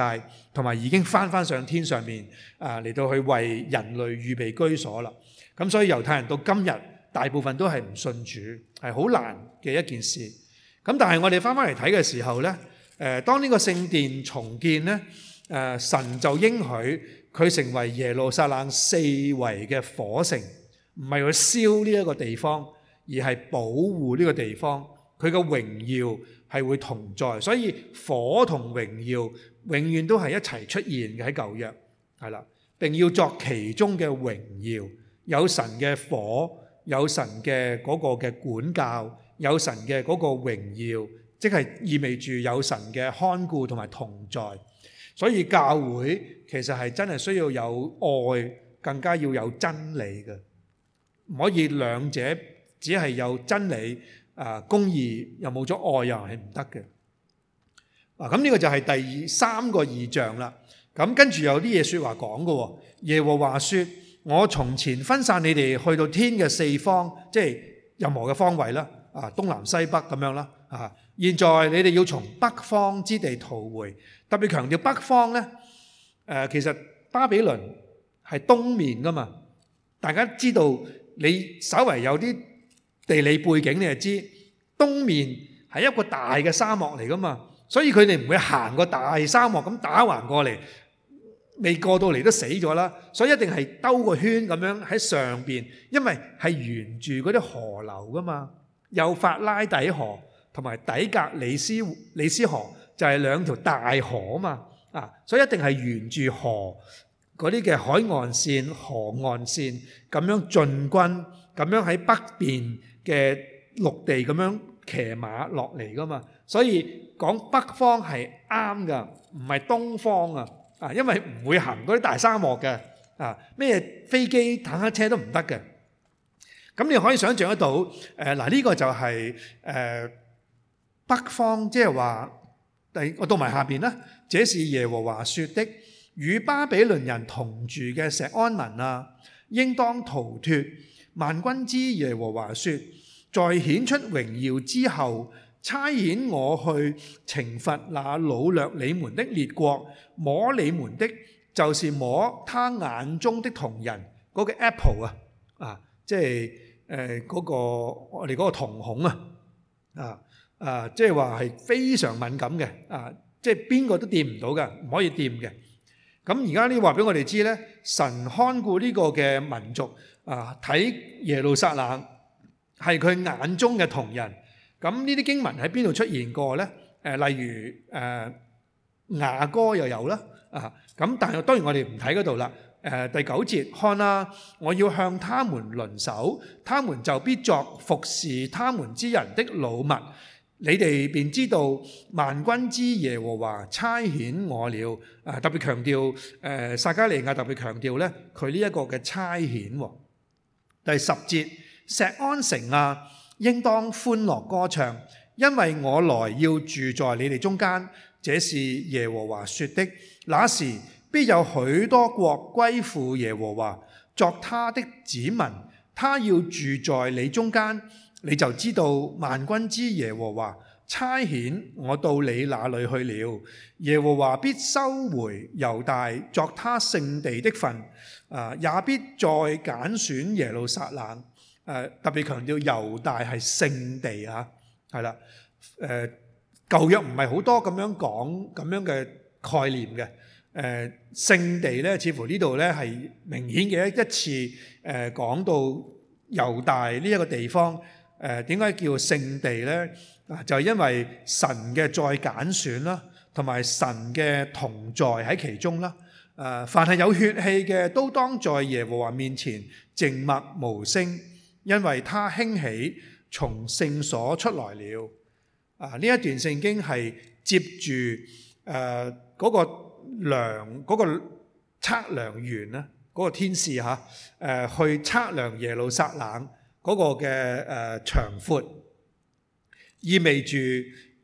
同埋已經翻翻上天上面啊，嚟到去為人類預備居所啦。咁所以猶太人到今日大部分都係唔信主，係好難嘅一件事。咁但係我哋翻翻嚟睇嘅時候咧，誒，當呢個聖殿重建咧。誒，神就應許佢成為耶路撒冷四圍嘅火城，唔係去燒呢一個地方，而係保護呢個地方。佢嘅榮耀係會同在，所以火同榮耀永遠都係一齊出現嘅喺舊約，係啦。並要作其中嘅榮耀，有神嘅火，有神嘅嗰個嘅管教，有神嘅嗰個榮耀，即係意味住有神嘅看顧同埋同在。所以教會其實係真係需要有愛，更加要有真理嘅，唔可以兩者只係有真理，啊公義又冇咗愛又係唔得嘅。啊咁呢、這個就係第三個異象啦。咁跟住有啲嘢説話講嘅喎，耶和華說：我從前分散你哋去到天嘅四方，即係任何嘅方位啦，啊東南西北咁樣啦，啊。現在你哋要從北方之地逃回，特別強調北方呢、呃。其實巴比倫係東面噶嘛，大家知道你稍為有啲地理背景，你就知東面係一個大嘅沙漠嚟噶嘛，所以佢哋唔會行個大沙漠咁打橫過嚟，未過到嚟都死咗啦。所以一定係兜個圈咁樣喺上面，因為係沿住嗰啲河流噶嘛，有法拉底河。同埋底格里斯、里斯河就係兩條大河啊嘛啊，所以一定係沿住河嗰啲嘅海岸線、河岸線咁樣進軍，咁樣喺北邊嘅陸地咁樣騎馬落嚟噶嘛。所以講北方係啱噶，唔係東方啊啊，因為唔會行嗰啲大沙漠嘅啊，咩飛機、坦克車都唔得嘅。咁你可以想象得到誒，嗱、呃、呢個就係、是、誒。呃北方即係話，第我到埋下邊啦。這是耶和華說的，與巴比倫人同住嘅錫安民啊，應當逃脫。萬軍之耶和華說，在顯出榮耀之後，差遣我去懲罰那擄掠你們的列國，摸你們的，就是摸他眼中的瞳人，嗰個 apple 啊，啊，即係誒嗰個我哋嗰個瞳孔啊，啊。啊，即係話係非常敏感嘅，啊，即係邊個都掂唔到嘅，唔可以掂嘅。咁而家呢，話俾我哋知呢，神看顧呢個嘅民族，啊，睇耶路撒冷係佢眼中嘅瞳人。咁呢啲經文喺邊度出現過呢？誒、啊，例如誒雅歌又有啦，啊，咁、啊啊啊、但係當然我哋唔睇嗰度啦。誒、啊、第九節，看啦、啊，我要向他們掄手，他們就必作服事，他們之人的擄物。你哋便知道萬軍之耶和華差遣我了。啊，特別強調，誒、呃、撒迦利亞特別強調咧佢呢一個嘅差遣喎、哦。第十節，錫安城啊，應當歡樂歌唱，因為我來要住在你哋中間，這是耶和華說的。那時必有許多國歸附耶和華，作他的子民，他要住在你中間。你就知道萬軍之耶和華差遣我到你那裡去了，耶和華必收回猶大作他聖地的份，啊，也必再揀選耶路撒冷。誒，特別強調猶大係聖地嚇、啊，啦、嗯。誒，舊約唔係好多咁樣講咁樣嘅概念嘅。誒、嗯，聖地咧，似乎呢度咧係明顯嘅一次誒、呃、講到猶大呢一個地方。誒，點解叫聖地呢？啊，就係因為神嘅再揀選啦，同埋神嘅同在喺其中啦。誒，凡係有血氣嘅，都當在耶和華面前靜默無聲，因為他興起從聖所出來了。啊，呢一段聖經係接住誒嗰個量嗰個測量員啦，嗰個天使嚇誒去測量耶路撒冷。嗰個嘅誒長闊意味住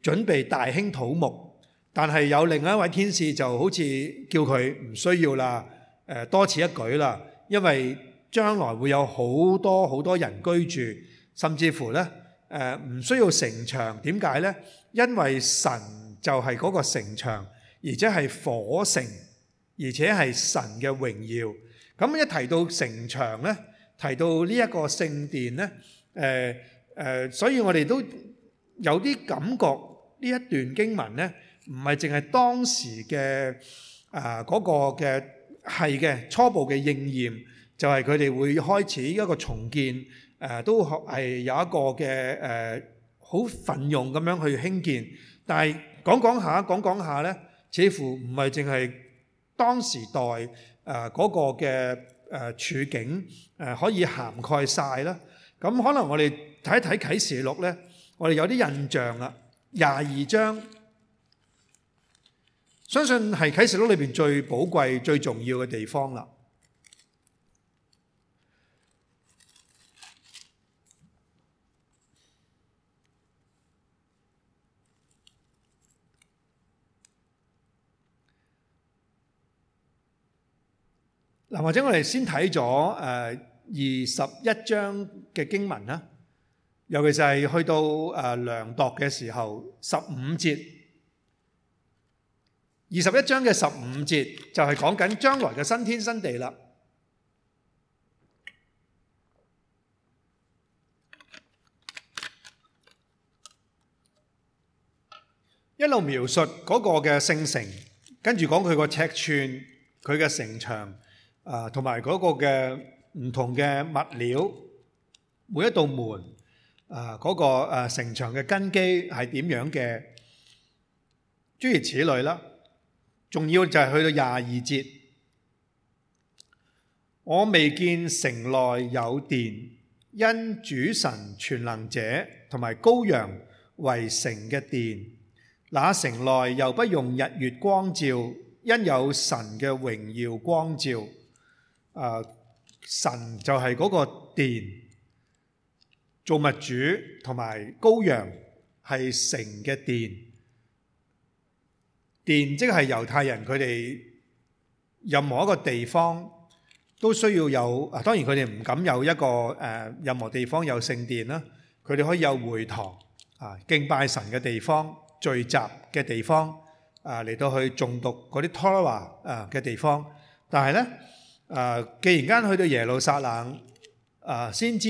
準備大興土木，但係有另外一位天使就好似叫佢唔需要啦，誒多此一舉啦，因為將來會有好多好多人居住，甚至乎呢誒唔需要城牆，點解呢？因為神就係嗰個城牆，而且係火城，而且係神嘅榮耀。咁一提到城牆呢。提到呢一個聖殿呢，誒、呃、誒、呃，所以我哋都有啲感覺呢一段經文呢，唔係淨係當時嘅啊嗰個嘅係嘅初步嘅應驗，就係佢哋會開始一個重建，誒、呃、都係有一個嘅誒好奮勇咁樣去興建，但係講講下講講下呢，似乎唔係淨係當時代啊嗰、呃嗰個嘅。誒處境誒可以涵蓋曬啦，咁可能我哋睇一睇啟示錄呢，我哋有啲印象啦，廿二章，相信係啟示錄裏邊最寶貴、最重要嘅地方啦。嗱，或者我哋先睇咗誒二十一章嘅經文啦，尤其是係去到誒量度嘅時候，十五節二十一章嘅十五節就係講緊將來嘅新天新地啦，一路描述嗰個嘅聖城，跟住講佢個尺寸，佢嘅城牆。啊，同埋嗰個嘅唔同嘅物料，每一道門啊，嗰、那個啊城牆嘅根基係點樣嘅？諸如此類啦，仲要就係去到廿二節，我未見城內有殿，因主神全能者同埋羔羊為城嘅殿，那城內又不用日月光照，因有神嘅榮耀光照。誒神就係嗰個殿，造物主同埋羔羊係城嘅殿，殿即係猶太人佢哋任何一個地方都需要有啊。當然佢哋唔敢有一個誒任何地方有聖殿啦。佢哋可以有會堂啊，敬拜神嘅地方、聚集嘅地方啊，嚟到去誦讀嗰啲妥拉啊嘅地方，但係呢。誒，既然間去到耶路撒冷，誒，先知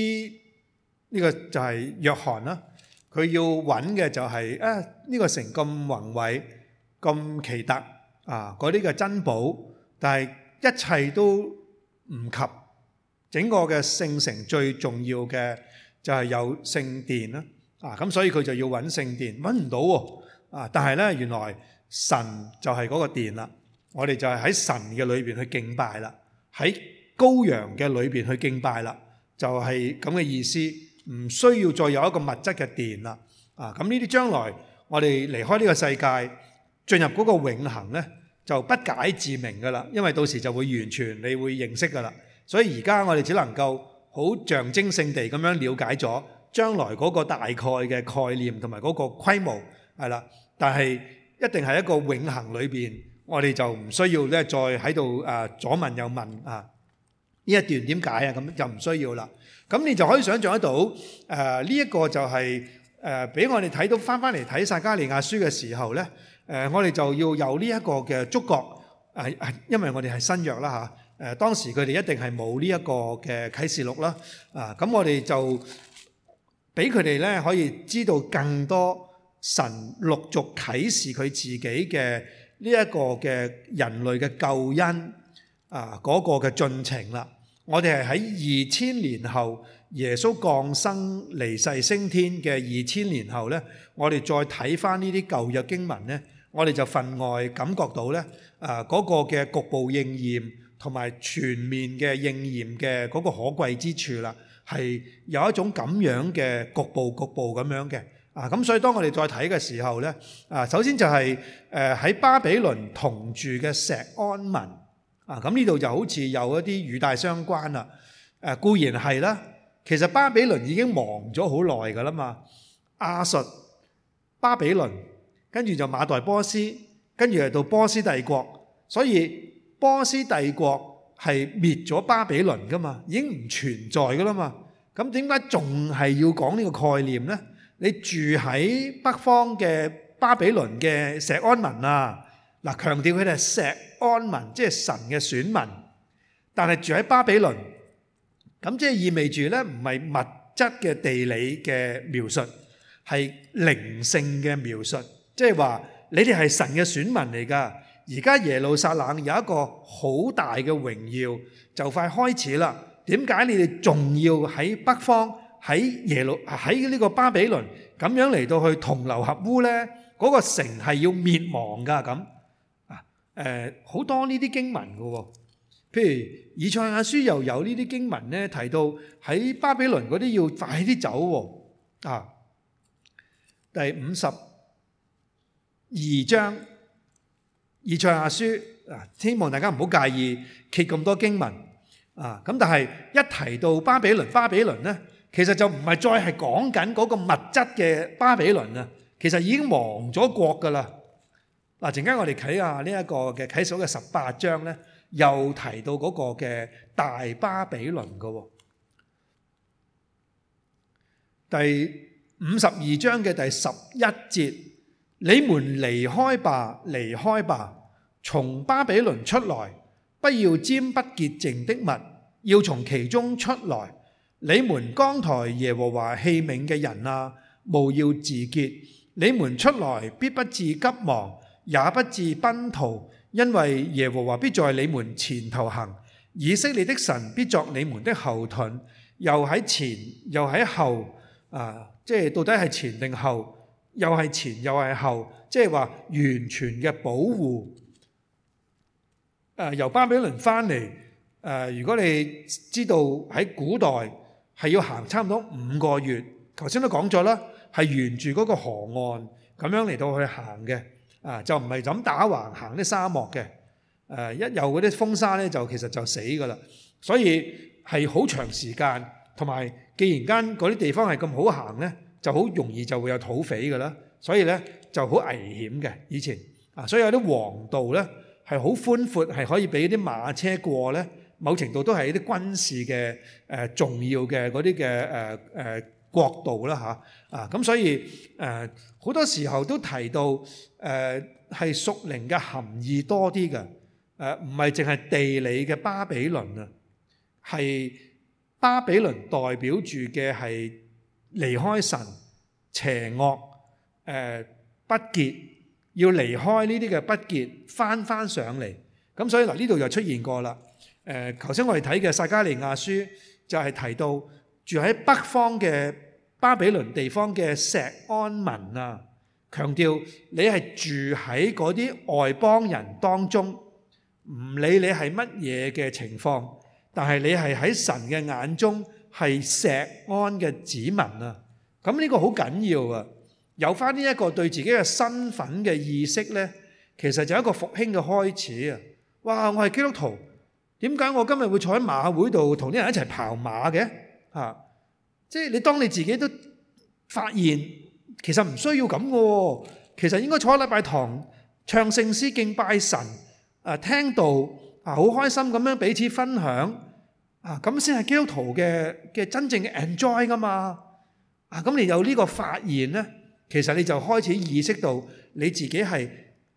呢個就係約翰啦。佢要揾嘅就係啊，呢個城咁宏偉、咁奇特啊，嗰啲嘅珍寶，但係一切都唔及整個嘅聖城最重要嘅就係有聖殿啦。啊，咁所以佢就要揾聖殿，揾唔到喎。啊，但係呢，原來神就係嗰個殿啦。我哋就係喺神嘅裏邊去敬拜啦。喺羔羊嘅裏邊去敬拜啦，就係咁嘅意思，唔需要再有一個物質嘅殿啦。啊，咁呢啲將來我哋離開呢個世界，進入嗰個永恆呢，就不解自明噶啦，因為到時就會完全你會認識噶啦。所以而家我哋只能夠好象徵性地咁樣了解咗將來嗰個大概嘅概念同埋嗰個規模係啦，但係一定係一個永恆裏邊。我哋就唔需要咧，再喺度啊左問右問啊！呢一段點解啊？咁就唔需要啦。咁你就可以想像得到，誒呢一個就係誒俾我哋睇到翻翻嚟睇撒迦利亞書嘅時候咧，誒我哋就要有呢一個嘅觸覺，係係因為我哋係新約啦嚇。誒當時佢哋一定係冇呢一個嘅啟示錄啦。啊，咁我哋就俾佢哋咧可以知道更多神陸續啟示佢自己嘅。呢一個嘅人類嘅救恩啊，嗰個嘅進程啦，我哋係喺二千年後耶穌降生、離世、升天嘅二千年後咧，我哋再睇翻呢啲舊約經文咧，我哋就分外感覺到咧啊嗰個嘅局部應驗同埋全面嘅應驗嘅嗰個可貴之處啦，係有一種咁樣嘅局部、局部咁樣嘅。啊，咁所以當我哋再睇嘅時候呢，啊，首先就係、是、喺、呃、巴比倫同住嘅錫安民。啊，咁呢度就好似有一啲語帶相關啦、啊。固然係啦，其實巴比倫已經亡咗好耐噶啦嘛。亞述、巴比倫，跟住就馬代波斯，跟住嚟到波斯帝國。所以波斯帝國係滅咗巴比倫噶嘛，已經唔存在噶啦嘛。咁點解仲係要講呢個概念呢？你住喺北方嘅巴比倫嘅錫安民啊，嗱，強調佢哋係錫安民，即係神嘅選民，但係住喺巴比倫，咁即係意味住咧唔係物質嘅地理嘅描述，係靈性嘅描述，即係話你哋係神嘅選民嚟㗎。而家耶路撒冷有一個好大嘅榮耀，就快開始啦。點解你哋仲要喺北方？喺耶路喺呢個巴比倫咁樣嚟到去同流合污呢，嗰、那個城係要滅亡噶咁啊！呃、好多呢啲經文噶喎、哦，譬如以賽亞書又有呢啲經文呢，提到喺巴比倫嗰啲要快啲走喎、哦、啊！第五十二章以賽亞書啊，希望大家唔好介意揭咁多經文啊！咁但係一提到巴比倫，巴比倫呢。其實就唔係再係講緊嗰個物質嘅巴比倫啊，其實已經亡咗國噶啦。嗱，陣間我哋睇下呢一個嘅啟示錄嘅十八章呢，又提到嗰個嘅大巴比倫噶。第五十二章嘅第十一節，你們離開吧，離開吧，從巴比倫出來，不要沾不潔淨的物，要從其中出來。你們扛抬耶和華器皿嘅人啊，務要自潔。你們出來必不至急忙，也不至奔逃，因為耶和華必在你們前頭行，以色列的神必作你們的後盾，又喺前，又喺後。啊，即係到底係前定後，又係前又係後，即係話完全嘅保護。誒、呃，由巴比倫翻嚟，誒、呃，如果你知道喺古代。係要行差唔多五個月，頭先都講咗啦，係沿住嗰個河岸咁樣嚟到去行嘅，啊就唔係咁打橫行啲沙漠嘅，誒、啊、一有嗰啲風沙咧就其實就死㗎啦。所以係好長時間，同埋既然間嗰啲地方係咁好行咧，就好容易就會有土匪㗎啦，所以咧就好危險嘅以前，啊所以有啲黃道咧係好寬闊，係可以俾啲馬車過咧。某程度都係一啲軍事嘅、誒重要嘅嗰啲嘅、誒、誒國度啦，嚇，啊，咁所以誒，好多時候都提到誒，係屬靈嘅含義多啲㗎，誒，唔係淨係地理嘅巴比倫啊，係巴比倫代表住嘅係離開神、邪惡、誒、不潔，要離開呢啲嘅不潔，返返上嚟。咁所以嗱，呢度又出現過啦。誒、呃，頭先我哋睇嘅撒迦利亞書就係提到住喺北方嘅巴比倫地方嘅錫安民啊，強調你係住喺嗰啲外邦人當中，唔理你係乜嘢嘅情況，但係你係喺神嘅眼中係錫安嘅子民啊。咁呢個好緊要啊！有返呢一個對自己嘅身份嘅意識呢，其實就係一個復興嘅開始啊！哇，我係基督徒。點解我今日會坐喺馬會度同啲人一齊跑馬嘅？吓！即係你當你自己都發現其實唔需要咁喎，其實應該坐喺禮拜堂唱聖詩敬拜神啊，聽道啊，好開心咁樣彼此分享啊，咁先係基督徒嘅嘅真正嘅 enjoy 噶嘛啊！咁你有呢個發現咧，其實你就開始意識到你自己係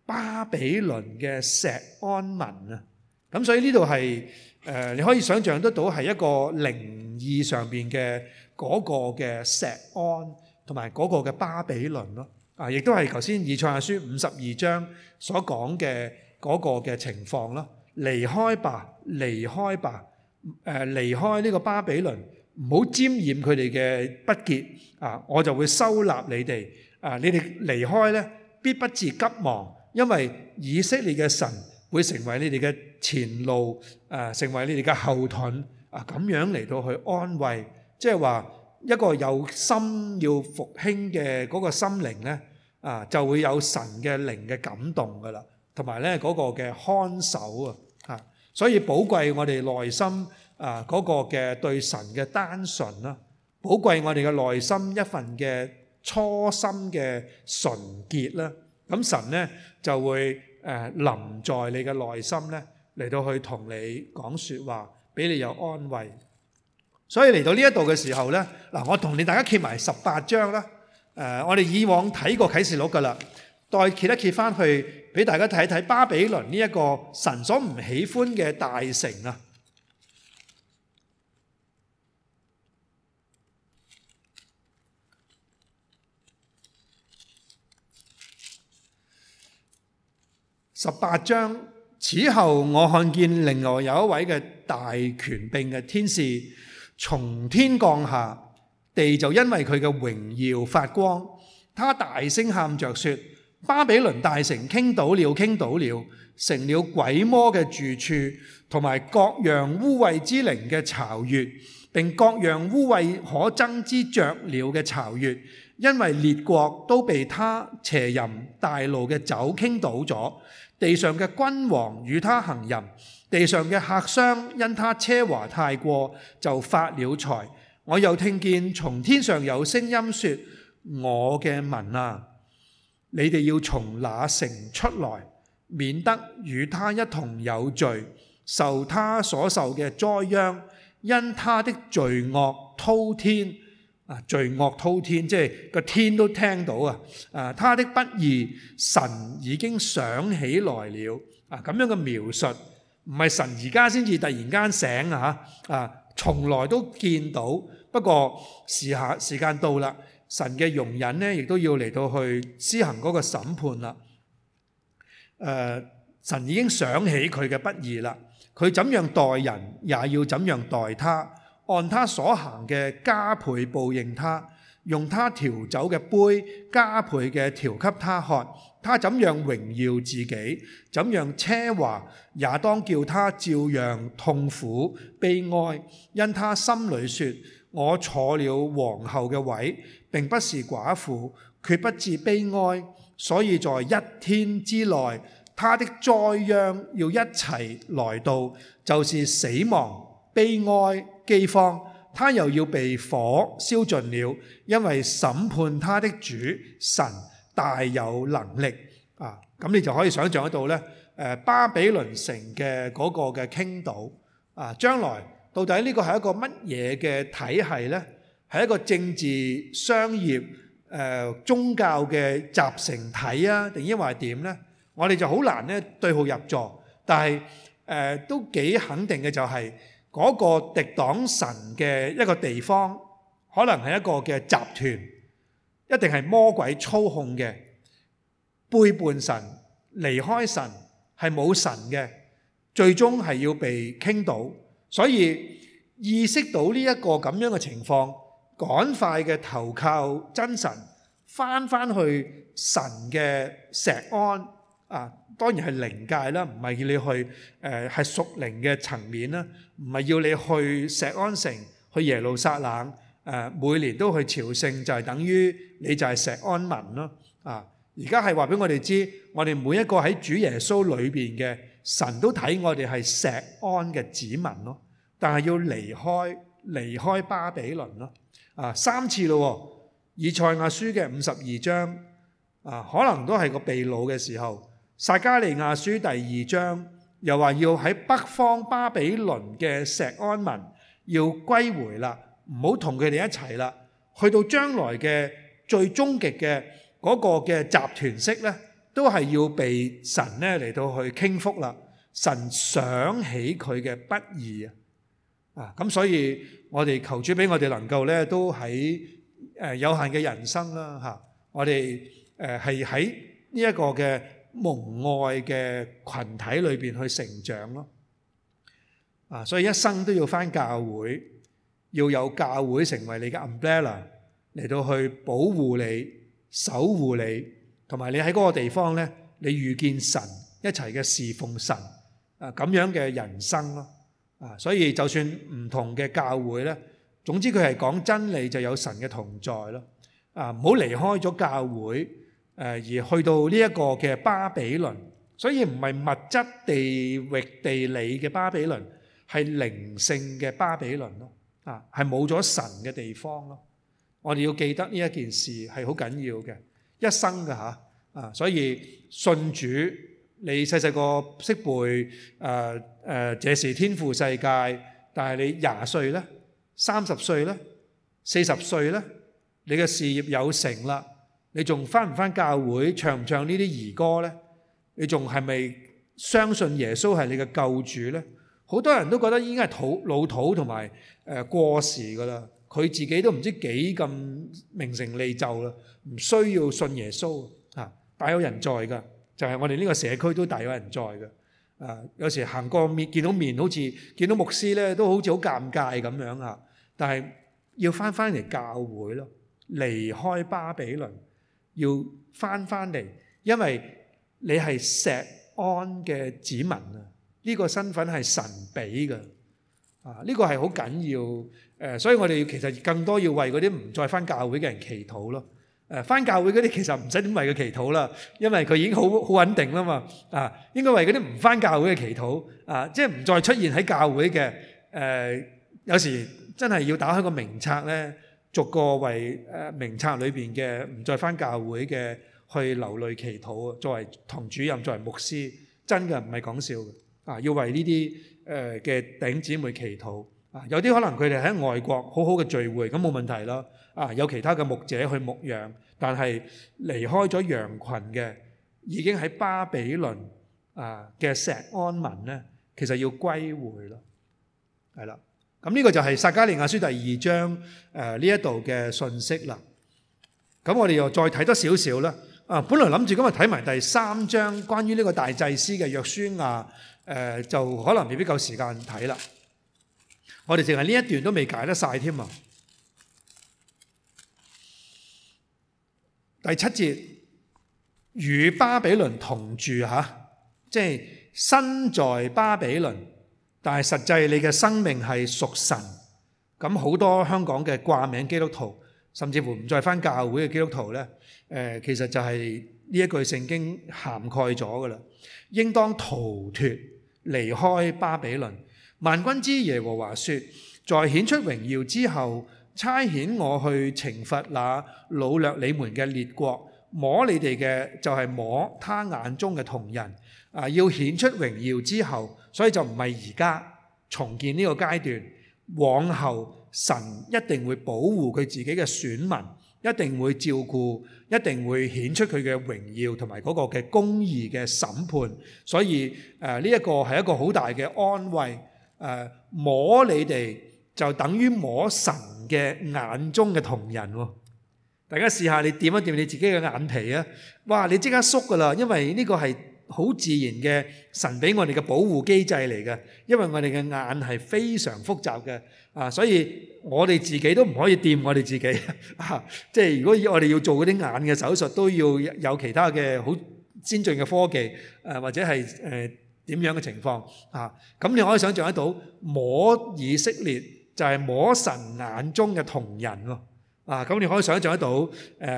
巴比倫嘅石安民啊！咁、嗯、所以呢度係，誒，你可以想象得到係一個靈意上面嘅嗰，那個嘅錫安同埋嗰個嘅巴比倫咯啊，亦都係頭先以賽亞書五十二章所講嘅嗰個嘅情況咯。離開吧，離開吧，誒、呃、離開呢個巴比倫，唔好沾染佢哋嘅不潔啊！我就會收納你哋啊！你哋離開咧，必不致急忙，因為以色列嘅神。會成為你哋嘅前路，誒，成為你哋嘅後盾，啊，咁樣嚟到去安慰，即係話一個有心要復興嘅嗰個心靈呢，啊，就會有神嘅靈嘅感動噶啦，同埋呢嗰個嘅看守啊，吓，所以寶貴我哋內心啊嗰個嘅對神嘅單純啦，寶貴我哋嘅內心一份嘅初心嘅純潔啦，咁神呢就會。誒、呃、臨在你嘅內心咧，嚟到去同你講說話，俾你有安慰。所以嚟到呢一度嘅時候咧，嗱，我同你大家揭埋十八章啦。誒、呃，我哋以往睇過啟示錄㗎啦，再揭一揭翻去，俾大家睇一睇巴比倫呢一個神所唔喜歡嘅大城啊！十八章，此後我看見另外有一位嘅大權柄嘅天使從天降下，地就因為佢嘅榮耀發光。他大聲喊着說：巴比倫大城傾倒了，傾倒了，成了鬼魔嘅住處，同埋各樣污穢之靈嘅巢穴，並各樣污穢可憎之雀鳥嘅巢穴，因為列國都被他邪淫大怒嘅酒傾倒咗。地上嘅君王與他行淫，地上嘅客商因他奢華太過就發了財。我又聽見從天上有聲音說：我嘅民啊，你哋要從那城出來，免得與他一同有罪，受他所受嘅災殃，因他的罪惡滔天。罪惡滔天，即係個天都聽到啊！啊，他的不義，神已經想起來了啊！咁樣嘅描述，唔係神而家先至突然間醒啊！啊，從來都見到，不過時下時間到啦，神嘅容忍呢亦都要嚟到去施行嗰個審判啦。誒、呃，神已經想起佢嘅不義啦，佢怎樣待人，也要怎樣待他。按他所行嘅加倍報應他，用他調酒嘅杯加倍嘅調給他喝。他怎樣榮耀自己，怎樣奢華，也當叫他照樣痛苦悲哀。因他心裡說：我坐了皇后嘅位，並不是寡婦，決不至悲哀。所以在一天之內，他的災殃要一齊來到，就是死亡、悲哀。饑荒，他又要被火燒盡了，因為審判他的主神大有能力啊！咁你就可以想象得到咧，誒，巴比倫城嘅嗰個嘅傾倒啊，將來到底呢個係一個乜嘢嘅體系呢？係一個政治、商業、誒宗教嘅集成體啊？定抑或係點呢？我哋就好難咧對號入座，但係誒都幾肯定嘅就係。嗰、那個敵擋神嘅一個地方，可能係一個嘅集團，一定係魔鬼操控嘅，背叛神、離開神係冇神嘅，最終係要被傾倒。所以意識到呢一個咁樣嘅情況，趕快嘅投靠真神，返返去神嘅錫安啊！當然係靈界啦，唔係叫你去誒係屬靈嘅層面啦，唔係要你去錫安城去耶路撒冷誒，每年都去朝聖就係等於你就係錫安民咯啊！而家係話俾我哋知，我哋每一個喺主耶穌裏邊嘅神都睇我哋係錫安嘅子民咯，但係要離開離開巴比倫咯啊！三次嘞喎，以賽亞書嘅五十二章啊，可能都係個被擄嘅時候。撒迦利亞書第二章又話要喺北方巴比倫嘅錫安民要歸回啦，唔好同佢哋一齊啦。去到將來嘅最終極嘅嗰個嘅集團式咧，都係要被神咧嚟到去傾覆啦。神想起佢嘅不義，啊，啊咁所以我哋求主俾我哋能夠咧都喺誒、呃、有限嘅人生啦吓、啊，我哋誒係喺呢一個嘅。蒙愛嘅羣體裏邊去成長咯，啊！所以一生都要返教會，要有教會成為你嘅 umbrella 嚟到去保護你、守護你，同埋你喺嗰個地方呢，你遇見神一齊嘅侍奉神啊咁樣嘅人生咯，啊！所以就算唔同嘅教會呢，總之佢係講真理就有神嘅同在咯，啊！唔好離開咗教會。誒，而去到呢一個嘅巴比倫，所以唔係物質地域地理嘅巴比倫，係靈性嘅巴比倫咯。啊，係冇咗神嘅地方咯。我哋要記得呢一件事係好緊要嘅，一生㗎吓。啊。所以信主，你細細個識背誒誒，這是天父世界，但係你廿歲咧、三十歲咧、四十歲咧，你嘅事業有成啦。你仲翻唔翻教會唱唔唱呢啲兒歌呢？你仲係咪相信耶穌係你嘅救主呢？好多人都覺得依家係土老土同埋誒，過時噶啦，佢自己都唔知幾咁名成利就啦，唔需要信耶穌啊！大有人在噶，就係，是，我哋呢個社區都大有人在㗎。啊！有時行過面見到面好，好似見到牧師咧，都好似好尷尬咁樣啊！但係要翻翻嚟教會咯，離開巴比倫。要翻翻嚟，因為你係錫安嘅子民啊！呢、這個身份係神俾嘅，啊呢、這個係好緊要誒、呃，所以我哋其實更多要為嗰啲唔再翻教會嘅人祈禱咯。誒、啊、翻教會嗰啲其實唔使點為佢祈禱啦，因為佢已經好好穩定啦嘛。啊，應該為嗰啲唔翻教會嘅祈禱啊，即係唔再出現喺教會嘅誒、啊，有時真係要打開個名冊咧。逐個為誒名冊裏邊嘅唔再返教會嘅去流淚祈禱啊！作為堂主任、作為牧師，真嘅唔係講笑嘅啊！要為呢啲誒嘅頂姊妹祈禱啊！有啲可能佢哋喺外國好好嘅聚會，咁冇問題啦。啊，有其他嘅牧者去牧養，但係離開咗羊群嘅，已經喺巴比倫啊嘅錫安民咧，其實要歸回啦，係啦。咁、這、呢個就係撒迦利亞書第二章誒呢一度嘅信息啦。咁我哋又再睇多少少啦。啊，本來諗住今日睇埋第三章關於呢個大祭司嘅約書亞，誒就可能未必夠時間睇啦。我哋淨係呢一段都未解得晒添啊！第七節與巴比倫同住嚇，即係身在巴比倫。但係實際你嘅生命係屬神，咁好多香港嘅掛名基督徒，甚至乎唔再返教會嘅基督徒呢、呃，其實就係呢一句聖經涵蓋咗噶啦，應當逃脫離開巴比倫。萬軍之耶和華說：在顯出榮耀之後，差遣我去懲罰那擄掠你們嘅列國，摸你哋嘅就係、是、摸他眼中嘅瞳人。啊，要顯出榮耀之後。所以就唔係而家重建呢個階段，往後神一定會保護佢自己嘅選民，一定會照顧，一定會顯出佢嘅榮耀同埋嗰個嘅公義嘅審判。所以誒，呢一個係一個好大嘅安慰。誒摸你哋就等於摸神嘅眼中嘅瞳仁喎。大家試下你掂一掂你自己嘅眼皮啊！哇，你即刻縮㗎啦，因為呢個係。好自然嘅神俾我哋嘅保護機制嚟嘅，因為我哋嘅眼係非常複雜嘅啊，所以我哋自己都唔可以掂我哋自己啊，即係如果我哋要做嗰啲眼嘅手術，都要有其他嘅好先進嘅科技，誒或者係誒點樣嘅情況啊？咁你可以想象得到，摸以色列就係摸神眼中嘅瞳人喎啊！咁你可以想象得到誒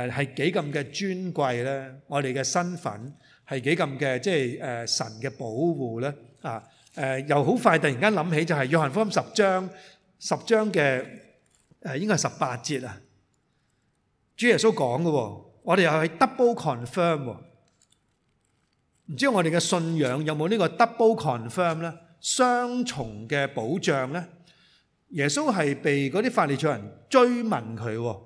係幾咁嘅尊貴咧，我哋嘅身份。係幾咁嘅，即係誒神嘅保護咧啊！誒，又好快突然間諗起就係約翰福音十章十章嘅，誒，應該係十八節啊！主耶穌講嘅，我哋又係 double confirm，唔知我哋嘅信仰有冇呢個 double confirm 咧？雙重嘅保障咧？耶穌係被嗰啲法利賽人追問佢，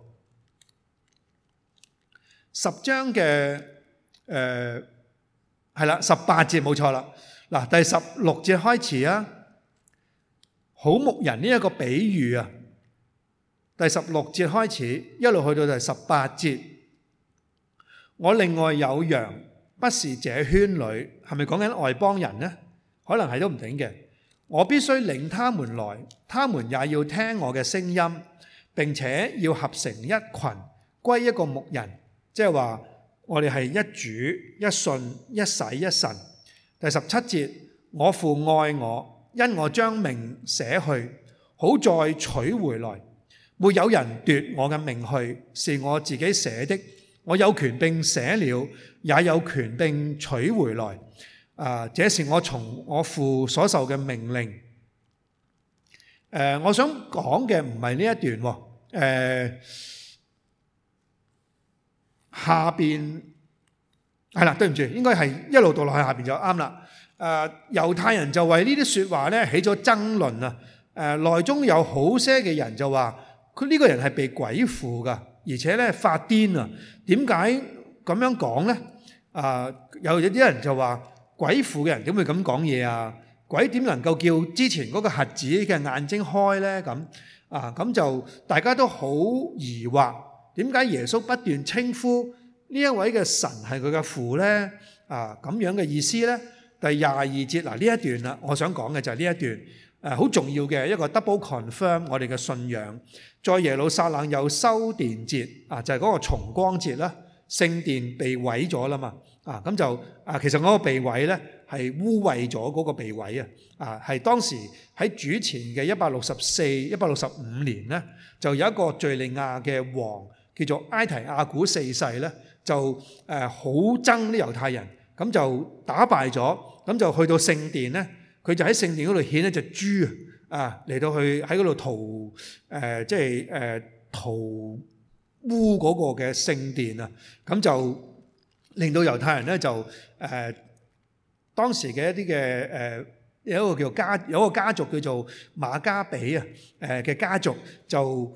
十章嘅誒。係啦，十八節冇錯啦。嗱，第十六節開始啊，好牧人呢一個比喻啊，第十六節開始一路去到就係十八節。我另外有羊，不是這圈裏，係咪講緊外邦人呢？可能係都唔定嘅。我必須領他們來，他們也要聽我嘅聲音，並且要合成一群，歸一個牧人，即係話。我哋係一主一信一洗一神。第十七節，我父愛我，因我將命寫去，好再取回來。沒有人奪我嘅命去，是我自己寫的。我有權並寫了，也有權並取回來。啊，這是我從我父所受嘅命令。呃、我想講嘅唔係呢一段。誒、呃。下邊係啦，對唔住，應該係一路讀落去下邊就啱啦。誒、呃，猶太人就為呢啲說話咧起咗爭論啊！誒、呃，內中有好些嘅人就話：佢、這、呢個人係被鬼附噶，而且咧發癲啊！點解咁樣講咧？啊、呃，又有啲人就人話：鬼附嘅人點會咁講嘢啊？鬼點能夠叫之前嗰個瞎子嘅眼睛開咧？咁啊，咁、呃、就大家都好疑惑。點解耶穌不斷稱呼呢一位嘅神係佢嘅父呢？啊，咁樣嘅意思呢？第廿二節嗱，呢一段啦，我想講嘅就係呢一段誒，好、啊、重要嘅一個 double confirm 我哋嘅信仰。在耶路撒冷有修電節啊，就係、是、嗰個重光節啦，聖、啊、殿被毀咗啦嘛啊，咁、嗯、就啊，其實嗰個被毀呢，係污穢咗嗰個被毀啊啊，係當時喺主前嘅一百六十四、一百六十五年呢，就有一個敍利亞嘅王。叫做埃提亞古四世咧，就誒好憎啲猶太人，咁就打敗咗，咁就去到聖殿咧，佢就喺聖殿嗰度獻一隻豬啊，啊嚟到去喺嗰度塗誒即係誒塗污嗰個嘅聖殿啊，咁就令到猶太人咧就誒當時嘅一啲嘅誒有一個叫家，有一個家族叫做馬加比啊，誒嘅家族就。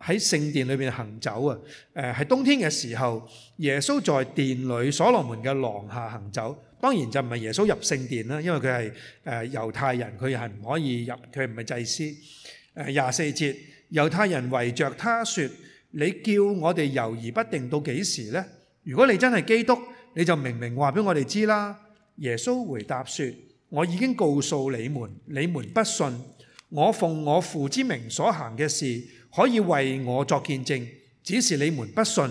喺聖殿裏邊行走啊！誒，喺冬天嘅時候，耶穌在殿裏所羅門嘅廊下行走。當然就唔係耶穌入聖殿啦，因為佢係誒猶太人，佢係唔可以入，佢唔係祭司。誒廿四節，猶太人圍着他說，你叫我哋猶疑不定到幾時呢？如果你真係基督，你就明明話俾我哋知啦。耶穌回答說，我已經告訴你們，你們不信，我奉我父之名所行嘅事。可以為我作見證，只是你們不信，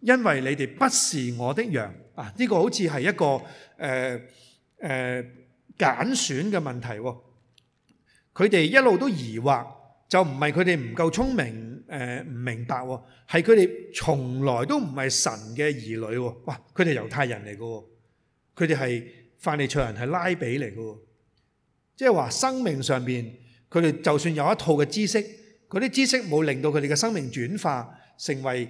因為你哋不是我的羊。啊，呢、這個好似係一個誒誒揀選嘅問題、哦。佢哋一路都疑惑，就唔係佢哋唔夠聰明，誒、呃、唔明白、哦，係佢哋從來都唔係神嘅兒女、哦。哇！佢哋猶太人嚟嘅、哦，佢哋係法利賽人，係拉比嚟嘅、哦。即係話生命上邊，佢哋就算有一套嘅知識。嗰啲知識冇令到佢哋嘅生命轉化成為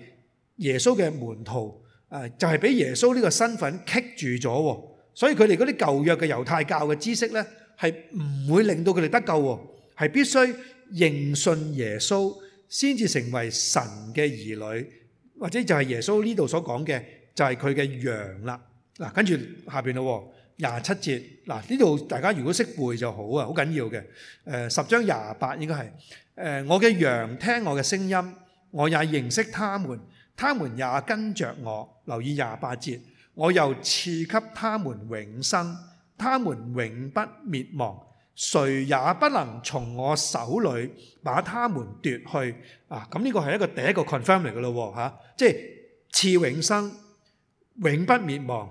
耶穌嘅門徒，呃、就係、是、俾耶穌呢個身份棘住咗喎，所以佢哋嗰啲舊約嘅猶太教嘅知識呢，係唔會令到佢哋得救喎，係必須認信耶穌先至成為神嘅兒女，或者就係耶穌呢度所講嘅就係佢嘅羊啦。嗱，跟住下邊咯，廿七節，嗱呢度大家如果識背就好啊，好緊要嘅。誒、呃、十章廿八應該係。誒，我嘅羊聽我嘅聲音，我也認識他們，他們也跟着我。留意廿八節，我又賜給他們永生，他們永不滅亡，誰也不能從我手裏把他們奪去。啊，咁呢個係一個第一個 confirm 嚟嘅咯嚇、啊，即係賜永生、永不滅亡，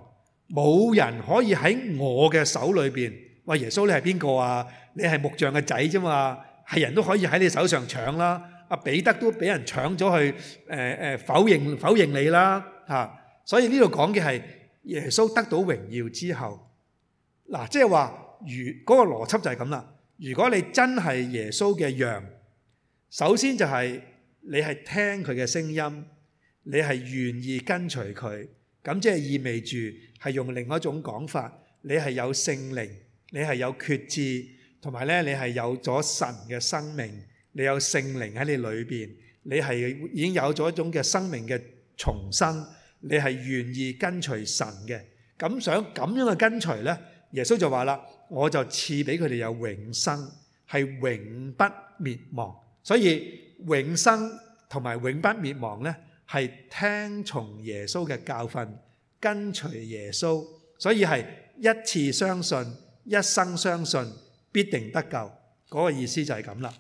冇人可以喺我嘅手裏面。喂，耶穌，你係邊個啊？你係木匠嘅仔啫嘛？係人都可以喺你手上搶啦，阿彼得都俾人搶咗去，誒誒否認否認你啦嚇，所以呢度講嘅係耶穌得到榮耀之後，嗱即係話如嗰、嗰個邏輯就係咁啦。如果你真係耶穌嘅羊，首先就係你係聽佢嘅聲音，你係願意跟隨佢，咁即係意味住係用另外一種講法，你係有聖靈，你係有決志。同埋咧，你係有咗神嘅生命，你有聖靈喺你裏邊，你係已經有咗一種嘅生命嘅重生，你係願意跟隨神嘅咁想咁樣嘅跟隨咧，耶穌就話啦，我就賜俾佢哋有永生，係永不滅亡。所以永生同埋永不滅亡咧，係聽從耶穌嘅教訓，跟隨耶穌，所以係一次相信，一生相信，必定得救，嗰個意思就係咁啦。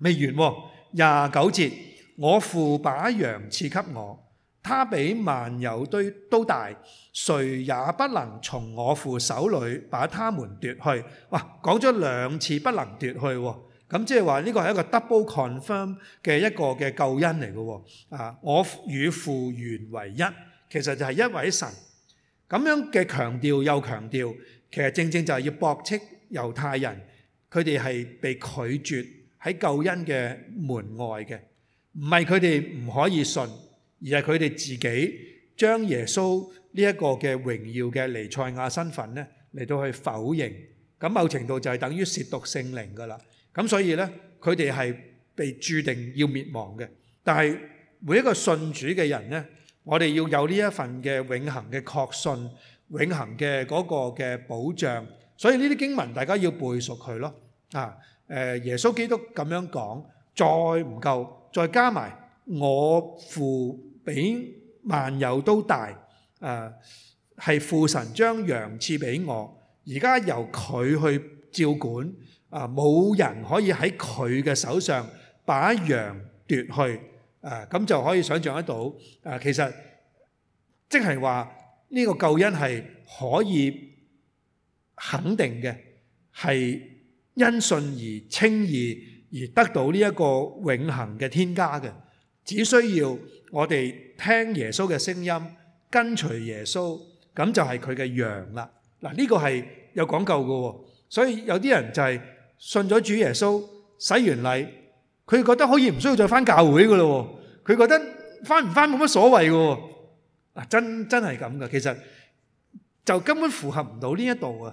未完喎，廿九節，我父把羊賜給我，他比萬有都都大，誰也不能從我父手裏把他們奪去。哇，講咗兩次不能奪去，咁即係話呢個係一個 double confirm 嘅一個嘅救恩嚟嘅喎。啊，我與父原為一，其實就係一位神。咁樣嘅強調又強調，其實正正就係要駁斥。猶太人佢哋係被拒絕喺救恩嘅門外嘅，唔係佢哋唔可以信，而係佢哋自己將耶穌呢一個嘅榮耀嘅彌賽亞身份呢嚟到去否認，咁某程度就係等於褻瀆聖靈噶啦。咁所以呢，佢哋係被註定要滅亡嘅。但係每一個信主嘅人呢，我哋要有呢一份嘅永恆嘅確信、永恆嘅嗰個嘅保障。所以呢啲經文大家要背熟佢咯，啊，誒耶穌基督咁樣講，再唔夠，再加埋我父比萬有都大，誒係父神將羊賜俾我，而家由佢去照管，啊，冇人可以喺佢嘅手上把羊奪去，誒咁就可以想象得到，誒其實即係話呢個救恩係可以。肯定嘅係因信而稱義而得到呢一個永恒嘅天家嘅，只需要我哋聽耶穌嘅聲音，跟隨耶穌，咁就係佢嘅羊啦。嗱、這、呢個係有講究嘅，所以有啲人就係信咗主耶穌，洗完禮，佢覺得可以唔需要再翻教會噶喎。佢覺得翻唔翻冇乜所謂嘅。嗱真真係咁嘅，其實就根本符合唔到呢一度啊！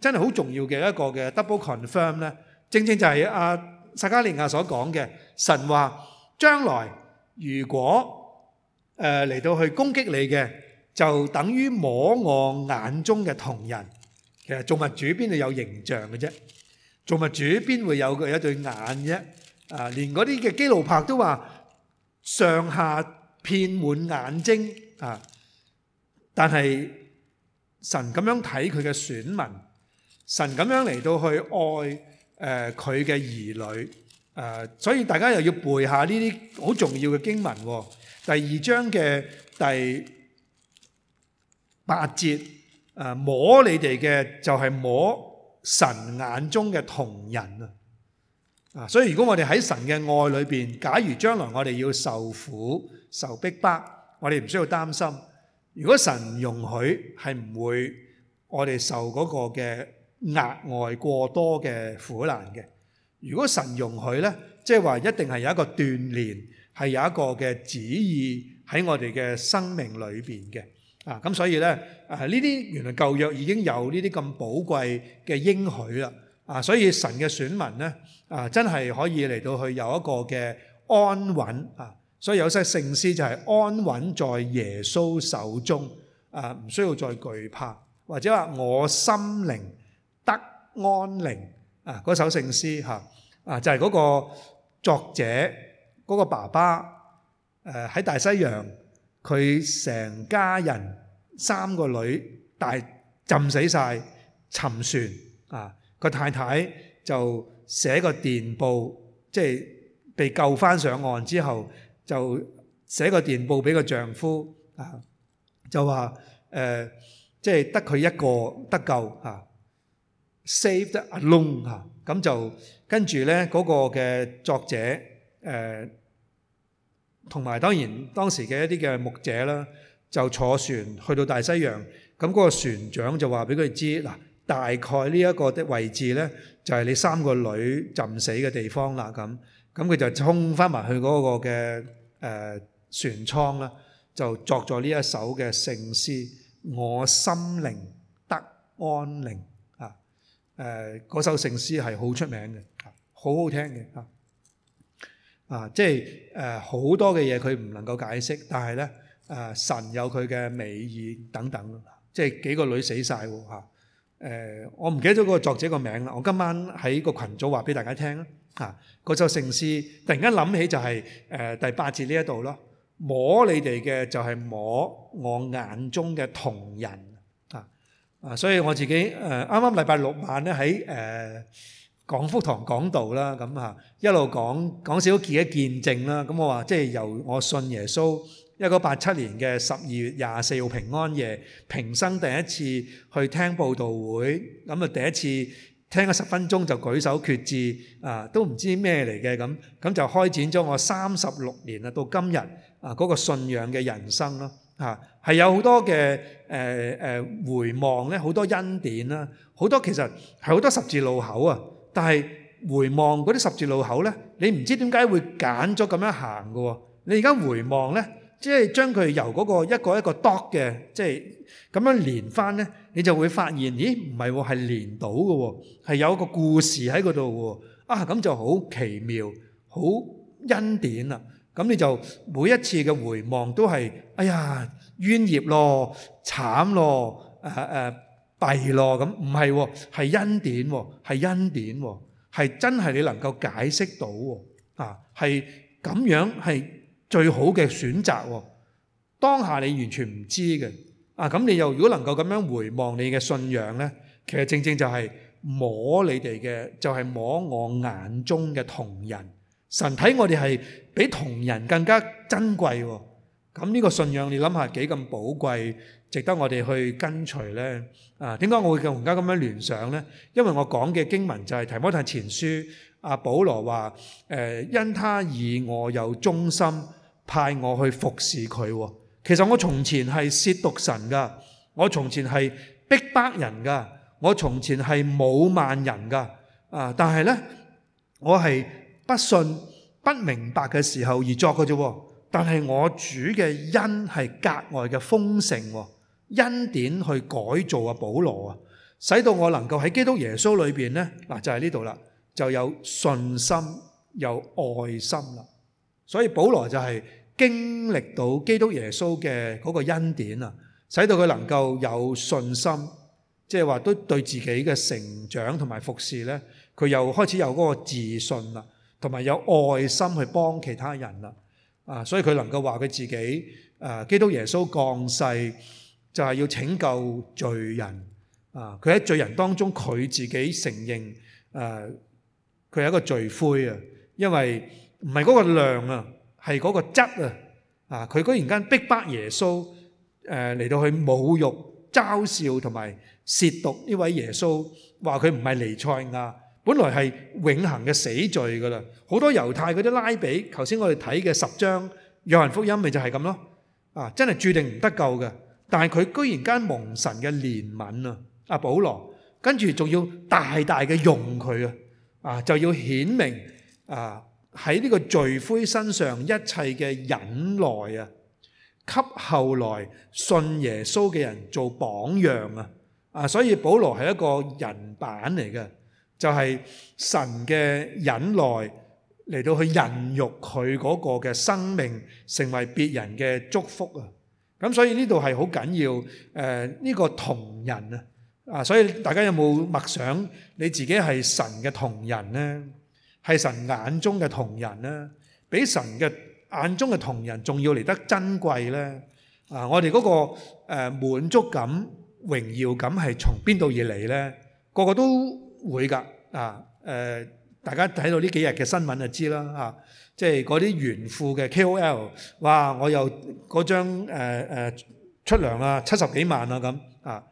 真係好重要嘅一個嘅 double confirm 咧，正正就係阿撒迦利亞所講嘅，神話將來如果誒嚟到去攻擊你嘅，就等於摸我眼中嘅瞳人。其實造物主邊度有形象嘅啫？造物主邊會有佢一對眼啫？啊，連嗰啲嘅基路柏都話上下遍滿眼睛啊！但係神咁樣睇佢嘅選民。神咁樣嚟到去愛誒佢嘅兒女誒、呃，所以大家又要背下呢啲好重要嘅經文、哦。第二章嘅第八節、呃、摸你哋嘅就係摸神眼中嘅瞳人啊啊！所以如果我哋喺神嘅愛裏邊，假如將來我哋要受苦受逼迫，迫，我哋唔需要擔心。如果神唔容許，係唔會我哋受嗰個嘅。額外過多嘅苦難嘅。如果神容許呢,即係話,一定係有一個鍛煉,係有一個嘅旨意,喺我哋嘅生命裏面嘅。咁所以呢,呢啲原來舊約已經有呢啲咁寶貴嘅應許啦。所以神嘅選民呢,真係可以嚟到去有一個嘅安穩。所以有些聖詩就係安穩在耶穌手中,唔需要再懼怕。或者話,我心靈,安寧啊！嗰首聖詩嚇啊，就係嗰個作者嗰個爸爸誒，喺大西洋，佢成家人三個女大浸死晒沉船啊！個太太就寫個電報，即係被救翻上岸之後，就寫個電報俾個丈夫啊，就話誒，即係得佢一個得救啊！Saved Alone 嚇咁就跟住咧嗰個嘅作者誒同埋當然當時嘅一啲嘅牧者啦，就坐船去到大西洋咁嗰個船長就話俾佢哋知嗱，大概呢一個的位置咧就係你三個女浸死嘅地方啦。咁咁佢就衝翻埋去嗰個嘅誒船艙啦，就作咗呢一首嘅聖詩，我心靈得安寧。誒嗰首聖詩係好出名嘅，好好聽嘅嚇，啊即係誒好多嘅嘢佢唔能夠解釋，但係咧誒神有佢嘅美意等等，即係幾個女死晒喎嚇。誒我唔記得咗嗰個作者個名啦，我今晚喺個羣組話俾大家聽啊。嗰首聖詩突然間諗起就係誒第八節呢一度咯，摸你哋嘅就係摸我眼中嘅瞳仁。啊，所以我自己誒啱啱禮拜六晚咧喺誒廣福堂講道啦，咁嚇一路講講少幾啲見證啦。咁我話即係由我信耶穌，一九八七年嘅十二月廿四號平安夜，平生第一次去聽佈道會，咁啊第一次聽咗十分鐘就舉手決志，啊都唔知咩嚟嘅咁，咁就開展咗我三十六年啊到今日啊嗰個信仰嘅人生咯。啊，係有好多嘅誒誒回望咧，好多恩典啦，好多其實係好多十字路口啊。但係回望嗰啲十字路口咧，你唔知點解會揀咗咁樣行㗎喎、啊？你而家回望咧，即係將佢由嗰個一個一個 dot 嘅，即係咁樣連返咧，你就會發現，咦？唔係喎，係連到㗎喎、啊，係有個故事喺嗰度喎。啊，咁就好奇妙，好恩典啊！咁你就每一次嘅回望都係，哎呀，冤孽咯，慘咯，誒誒弊咯，咁唔係喎，係、哦、恩典喎、哦，係恩典喎、哦，係真係你能夠解釋到喎、哦，啊，係咁樣係最好嘅選擇喎、哦。當下你完全唔知嘅，啊，咁你又如果能夠咁樣回望你嘅信仰咧，其實正正就係摸你哋嘅，就係、是、摸我眼中嘅瞳人。神睇我哋係比同人更加珍貴，咁呢個信仰你諗下幾咁寶貴，值得我哋去跟隨咧。啊，點解我會更加咁樣聯想咧？因為我講嘅經文就係提摩太前書，阿保羅話：誒，因他以我有忠心派我去服侍佢。其實我從前係褻瀆神噶，我從前係逼迫人噶，我從前係侮慢人噶。啊，但係咧，我係。不信、不明白嘅時候而作嘅啫喎，但係我主嘅恩係格外嘅豐盛，恩典去改造啊，保羅啊，使到我能夠喺基督耶穌裏邊咧，嗱就係呢度啦，就有信心，有愛心啦。所以保羅就係經歷到基督耶穌嘅嗰個恩典啊，使到佢能夠有信心，即係話都對自己嘅成長同埋服侍咧，佢又開始有嗰個自信啦。同埋有愛心去幫其他人啦，啊，所以佢能夠話佢自己，誒，基督耶穌降世就係要拯救罪人，啊，佢喺罪人當中佢自己承認，誒，佢係一個罪魁啊，因為唔係嗰個量啊，係嗰個質啊，啊，佢嗰陣間逼迫耶穌，誒嚟到去侮辱、嘲笑同埋褻瀆呢位耶穌，話佢唔係尼賽亞。本來係永恆嘅死罪噶啦，好多猶太嗰啲拉比，頭先我哋睇嘅十章約翰福音咪就係咁咯，啊，真係注定唔得救嘅。但係佢居然間蒙神嘅憐憫啊，阿保羅，跟住仲要大大嘅用佢啊，啊，就要顯明啊喺呢個罪魁身上一切嘅忍耐啊，給後來信耶穌嘅人做榜樣啊，啊，所以保羅係一個人辦嚟嘅。就係神嘅忍耐嚟到去孕育佢嗰個嘅生命，成為別人嘅祝福啊！咁所以呢度係好緊要，誒呢個同人啊，啊所以大家有冇默想你自己係神嘅同人呢？係神眼中嘅同人呢？比神嘅眼中嘅同人仲要嚟得珍貴呢？啊！我哋嗰個誒滿足感、榮耀感係從邊度而嚟呢？個個都。會㗎啊、呃！大家睇到呢幾日嘅新聞就知啦，啊、即係嗰啲炫富嘅 KOL，哇！我又嗰張、呃、出糧啊，七十幾萬啊咁啊！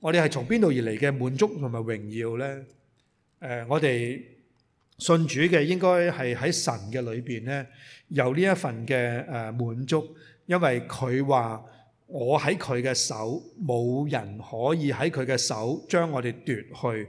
我哋係從邊度而嚟嘅滿足同埋榮耀呢？呃、我哋信主嘅應該係喺神嘅裏面呢，有呢一份嘅誒滿足，因為佢話我喺佢嘅手，冇人可以喺佢嘅手將我哋奪去。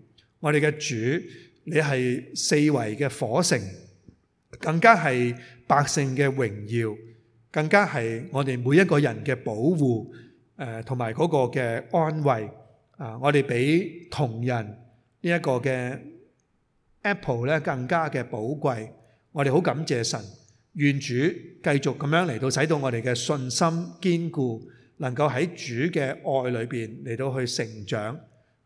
我哋嘅主，你係四圍嘅火城，更加係百姓嘅榮耀，更加係我哋每一個人嘅保護，誒，同埋嗰個嘅安慰啊！我哋比瞳人呢一個嘅 Apple 咧更加嘅寶貴，我哋好感謝神，願主繼續咁樣嚟到使到我哋嘅信心堅固，能夠喺主嘅愛裏邊嚟到去成長。